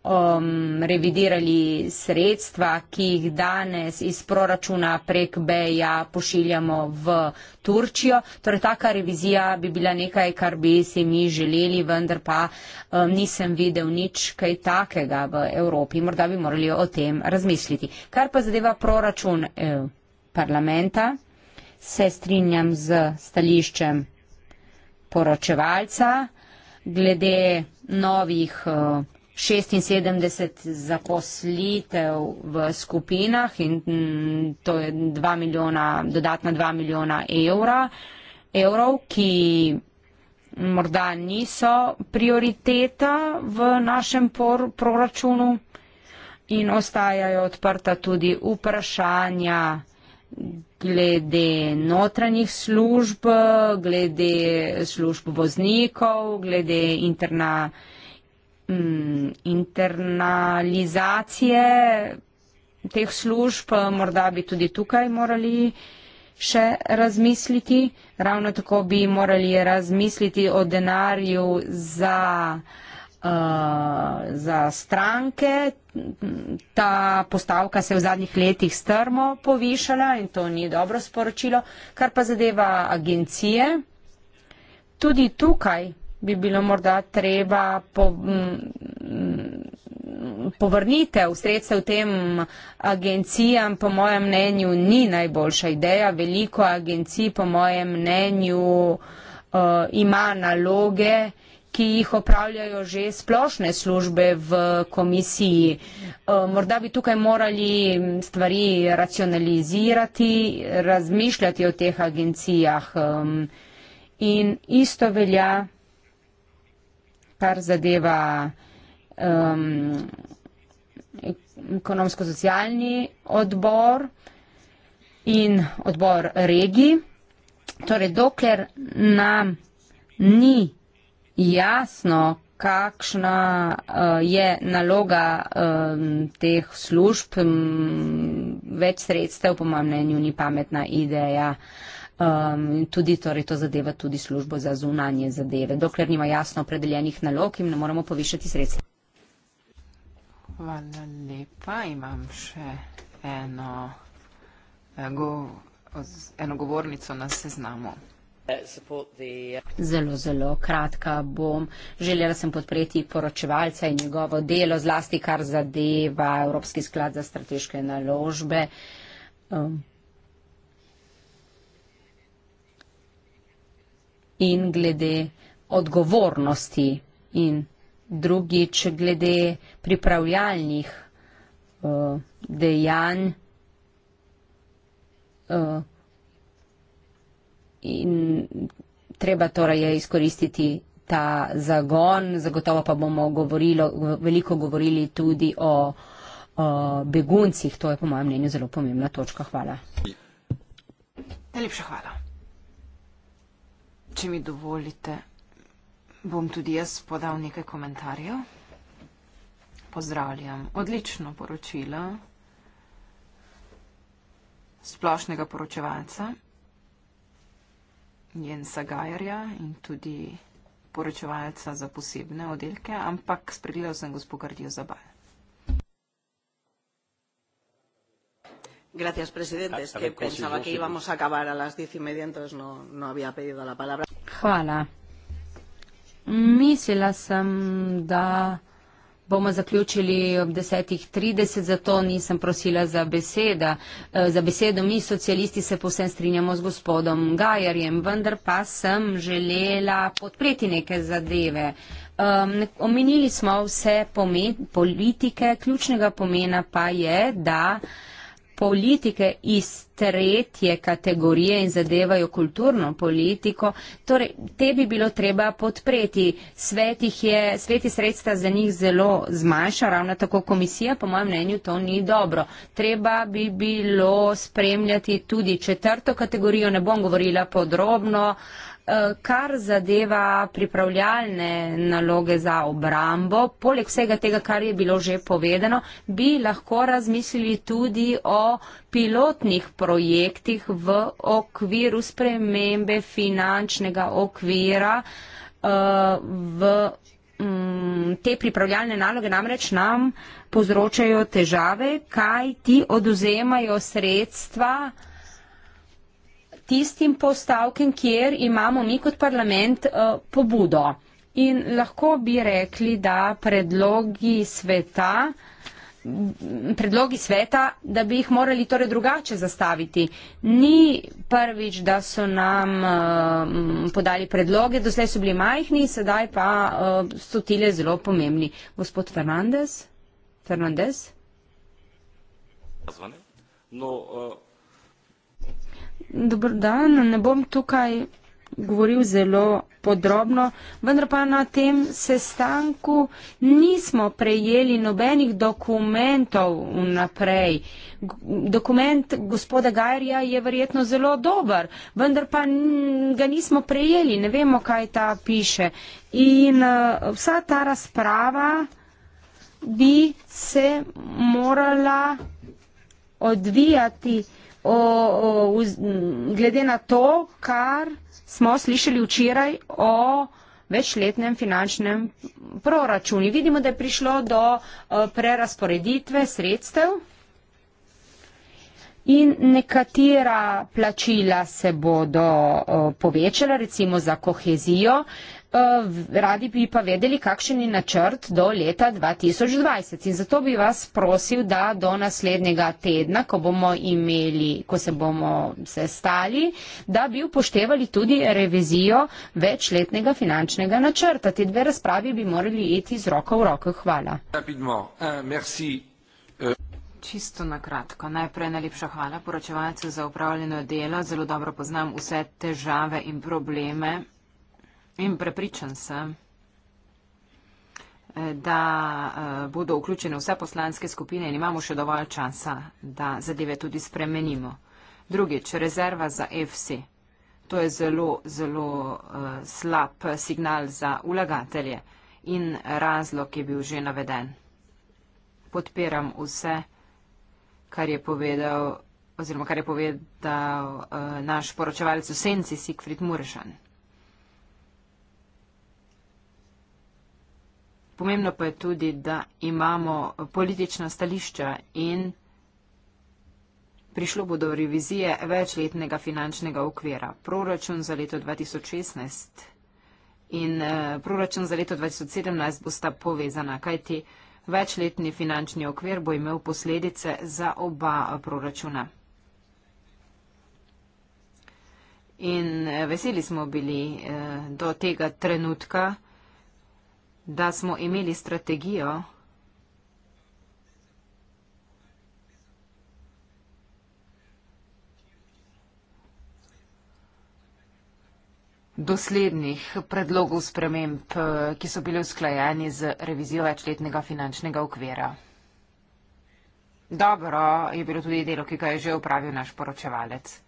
um, revidirali sredstva, ki jih danes iz proračuna prek BEJA pošiljamo v Turčijo. Torej, taka revizija bi bila nekaj, kar bi si mi želeli, vendar pa um, nisem videl nič kaj takega v Evropi. Morda bi morali o tem razmisliti. Kar pa zadeva proračun eh, parlamenta, se strinjam z stališčem poročevalca glede novih. Eh, 76 zaposlitev v skupinah in to je dva milijona, dodatna 2 milijona evra, evrov, ki morda niso prioriteta v našem por, proračunu in ostajajo odprta tudi vprašanja glede notranjih služb, glede služb voznikov, glede interna. Mm, internalizacije teh služb, eh, morda bi tudi tukaj morali še razmisliti. Ravno tako bi morali razmisliti o denarju za, uh, za stranke. Ta postavka se je v zadnjih letih strmo povišala in to ni dobro sporočilo. Kar pa zadeva agencije, tudi tukaj bi bilo morda treba po, m, mm, povrnitev sredstev tem agencijam, po mojem mnenju, ni najboljša ideja. Veliko agencij, po mojem mnenju, uh, ima naloge, ki jih opravljajo že splošne službe v komisiji. Eh, morda bi tukaj morali stvari racionalizirati, razmišljati o teh agencijah. In isto velja kar zadeva um, ekonomsko-socialni odbor in odbor regij. Torej, dokler nam ni jasno, kakšna uh, je naloga um, teh služb, m, več sredstev, po mojem mnenju, ni pametna ideja uh, um, tudi torej, to zadeva tudi službo za zunanje zadeve. Dokler nima jasno opredeljenih nalog, jim ne moremo povišati sredstva.
Hvala lepa. Imam še eno, eh, eno govornico na seznamu. Zelo, zelo kratka bom.
Želela sem podpreti poročevalca in njegovo delo, zlasti kar zadeva Evropski sklad za strateške naložbe. Um. in glede odgovornosti in drugič glede pripravljalnih uh, dejanj uh, in treba torej izkoristiti ta zagon, zagotovo pa bomo govorilo, veliko govorili tudi o, o beguncih, to je po mojem mnenju zelo pomembna točka. Hvala.
Najlepša hvala. Če mi dovolite, bom tudi jaz podal nekaj komentarjev. Pozdravljam. Odlično poročilo splošnega poročevalca Jensa Gajerja in tudi poročevalca za posebne oddelke, ampak spregledal sem gospod Gardijo Zabal.
Gracias, presidente. Es que pensaba que íbamos a acabar a las diez y media, entonces no, no había pedido la palabra.
Hvala. Mislila sem, da bomo zaključili ob 10.30, zato nisem prosila za, beseda, eh, za besedo. Mi socialisti se povsem strinjamo z gospodom Gajarjem, vendar pa sem želela podpreti neke zadeve. Um, omenili smo vse pomen, politike, ključnega pomena pa je, da politiche ist tretje kategorije in zadevajo kulturno politiko, torej te bi bilo treba podpreti. Svet jih je, sveti sredstva za njih zelo zmanjša, ravno tako komisija, po mojem mnenju, to ni dobro. Treba bi bilo spremljati tudi četrto kategorijo, ne bom govorila podrobno, eh, kar zadeva pripravljalne naloge za obrambo. Poleg vsega tega, kar je bilo že povedano, bi lahko razmislili tudi o pilotnih projektih v okviru spremembe finančnega okvira uh, v mm, te pripravljalne naloge namreč nam povzročajo težave, kaj ti oduzemajo sredstva tistim postavkem, kjer imamo mi kot parlament uh, pobudo. In lahko bi rekli, da predlogi sveta uh, predlogi sveta, da bi jih morali torej drugače zastaviti. Ni prvič, da so nam eh, podali predloge, doslej so bili majhni, sedaj pa eh, so tile zelo pomembni. Gospod Fernandez? Fernandez?
No, uh... Eh,
Dobro dan, ne bom tukaj govoril zelo podrobno, vendar pa na tem sestanku nismo prejeli nobenih dokumentov vnaprej. Dokument gospoda Gajerja je verjetno zelo dober, vendar pa ga nismo prejeli, ne vemo, kaj ta piše. In eh, vsa ta razprava bi se morala odvijati o, o, vz, glede na to, kar smo slišali včeraj o večletnem finančnem proračunu. Vidimo, da je prišlo do o, eh, prerasporeditve sredstev in nekatera plačila se bodo o, eh, povečala, recimo za kohezijo. Eh, radi bi pa vedeli, kakšen je načrt do leta 2020. In zato bi vas prosil, da do naslednjega tedna, ko, bomo imeli, ko se bomo sestali, da bi upoštevali tudi revizijo večletnega finančnega načrta. Te dve
razpravi bi morali iti z roko v roko. Hvala.
Eh, eh.
Čisto na kratko. Najprej najlepša hvala poročevalcu za upravljeno delo. Zelo dobro poznam vse težave in probleme In prepričan sem, eh, da eh, bodo vključene vse poslanske skupine in imamo še dovolj časa, da zadeve tudi spremenimo. Drugič, rezerva za FC. To je zelo, zelo uh, slab signal za vlagatelje in razlog je bil že naveden. Podpiram vse, kar je povedal, kar je povedal uh, naš poročevalec v senci Sigfrid Muršan. Pomembno pa je tudi, da imamo politična stališča in prišlo bo do revizije večletnega finančnega okvira. Proračun za leto 2016 in eh, proračun za leto 2017 bo sta povezana, kajti večletni finančni okvir bo imel posledice za oba eh, proračuna. In eh, veseli smo bili do tega trenutka, da smo imeli strategijo, doslednih predlogov sprememb, ki so bili usklajeni z revizijo večletnega finančnega okvira. Dobro je bilo tudi delo, ki ga je že upravil naš poročevalec.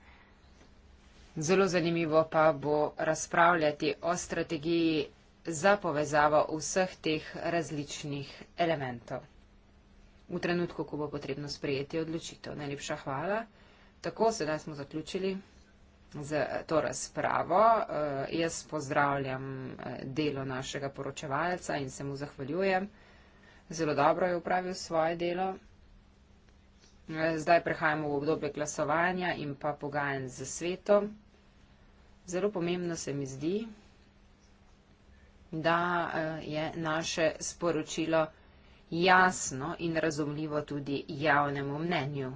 Zelo zanimivo pa bo razpravljati o strategiji za povezavo vseh teh različnih elementov. V trenutku, ko bo potrebno sprejeti odločitev. Najlepša hvala. Tako sedaj smo zaključili z to razpravo. Eh, jaz pozdravljam eh, delo našega poročevalca in se mu zahvaljujem. Zelo dobro je upravil svoje delo. Eh, zdaj prehajamo v obdobje glasovanja in pa pogajanj z svetom. Zelo pomembno se mi zdi, da eh, je naše sporočilo jasno in razumljivo tudi javnemu mnenju.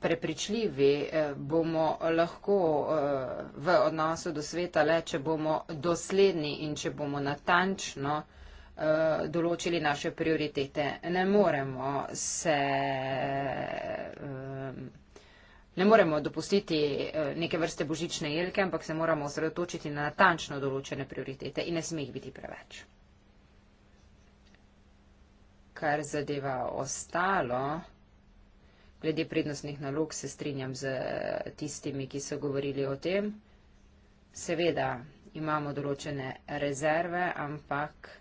Prepričljivi eh, bomo lahko eh, v odnosu do sveta le, če bomo dosledni in če bomo natančno določili naše prioritete. Ne moremo se Ne moremo dopustiti eh, neke vrste božične jelke, ampak se moramo osredotočiti na natančno določene prioritete in ne sme jih biti preveč. Kar zadeva ostalo, glede prednostnih nalog, se strinjam z eh, tistimi, ki so govorili o tem. Seveda imamo določene rezerve, ampak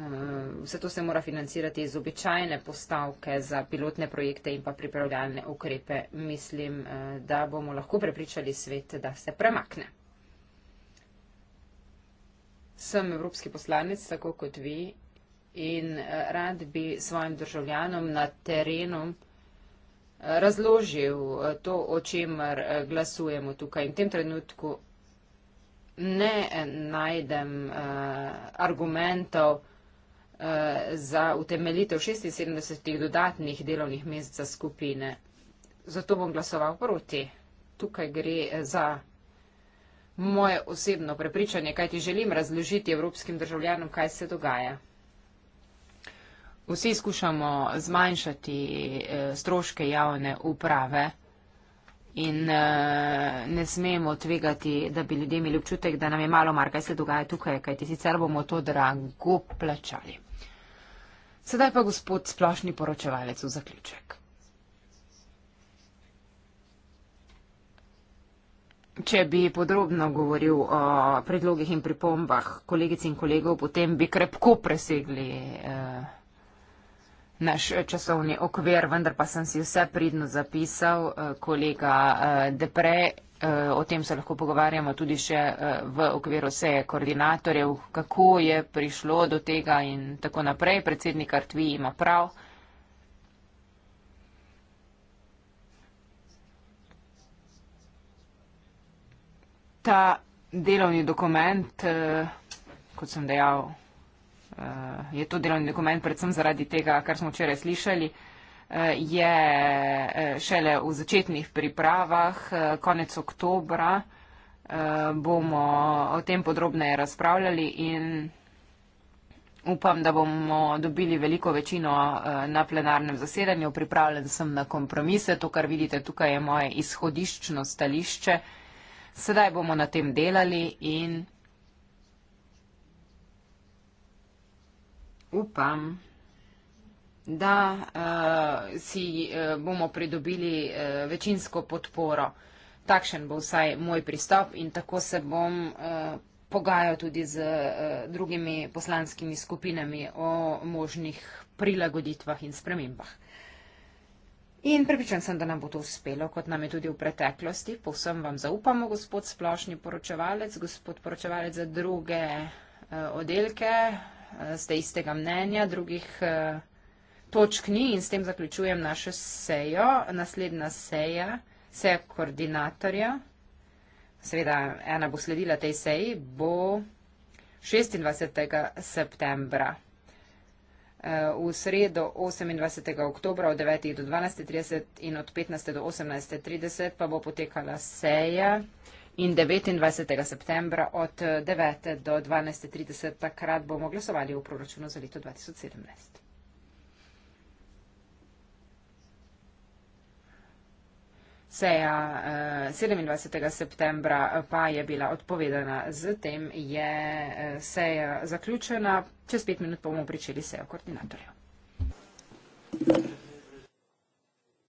Eh, vse to se mora financirati iz običajne postavke za pilotne projekte in pa pripravljalne ukrepe. Mislim, eh, da bomo lahko prepričali svet, da se premakne. Sem evropski poslanec, tako kot vi, in eh, rad bi svojim državljanom na terenu razložil to, o čemer glasujemo tukaj. In v tem trenutku ne najdem argumentov, Eh, za utemeljitev 76 dodatnih delovnih mest za skupine. Zato bom glasoval proti. Tukaj gre eh, za moje osebno prepričanje, kaj ti želim razložiti evropskim državljanom, kaj se dogaja. Vsi skušamo zmanjšati eh, stroške javne uprave in ne smemo tvegati, da bi ljudje imeli občutek, da nam je malo mar, kaj se dogaja tukaj, kaj ti sicer bomo to drago plačali. Sedaj pa gospod splošni poročevalec v zaključek. Če bi podrobno govoril o predlogih in pripombah kolegic in kolegov, potem bi krepko presegli eh, naš časovni okvir, vendar pa sem si vse pridno zapisal, eh, kolega eh, Depre. Eh, o tem se lahko pogovarjamo tudi še eh, v okviru seje koordinatorjev, kako je prišlo do tega in tako naprej. Predsednik Artvi ima prav. Ta delovni dokument, eh, kot sem dejal, je to delovni dokument predvsem zaradi tega, kar smo včeraj slišali je eh, šele v začetnih pripravah. Eh, konec oktobra eh, bomo o tem podrobneje razpravljali in upam, da bomo dobili veliko večino na plenarnem zasedanju. Pripravljen sem na kompromise. To, kar vidite tukaj, je moje izhodiščno stališče. Sedaj bomo na tem delali in upam, da uh, si uh, bomo pridobili uh, večinsko podporo. Takšen bo vsaj moj pristop in tako se bom uh, pogajal tudi z uh, drugimi poslanskimi skupinami o možnih prilagoditvah in spremembah. In pripričan sem, da nam bo to uspelo, kot nam je tudi v preteklosti. Povsem vam zaupamo, gospod splošni poročevalec, gospod poročevalec za druge uh, oddelke, uh, ste istega mnenja, drugih. Uh, točk ni in s tem zaključujem našo sejo. Naslednja seja, seja koordinatorja, seveda ena bo sledila tej seji, bo 26. septembra. Eh, v sredo 28. oktobra od 9. do 12.30 in od 15. do 18.30 pa bo potekala seja in 29. septembra od 9. do 12.30 takrat bomo glasovali v proračunu za leto 2017. Seja 27. Eh, septembra pa je bila odpovedana, zatem je eh, seja zaključena. Čez pet minut bomo pričeli sejo koordinatorja. Thank you.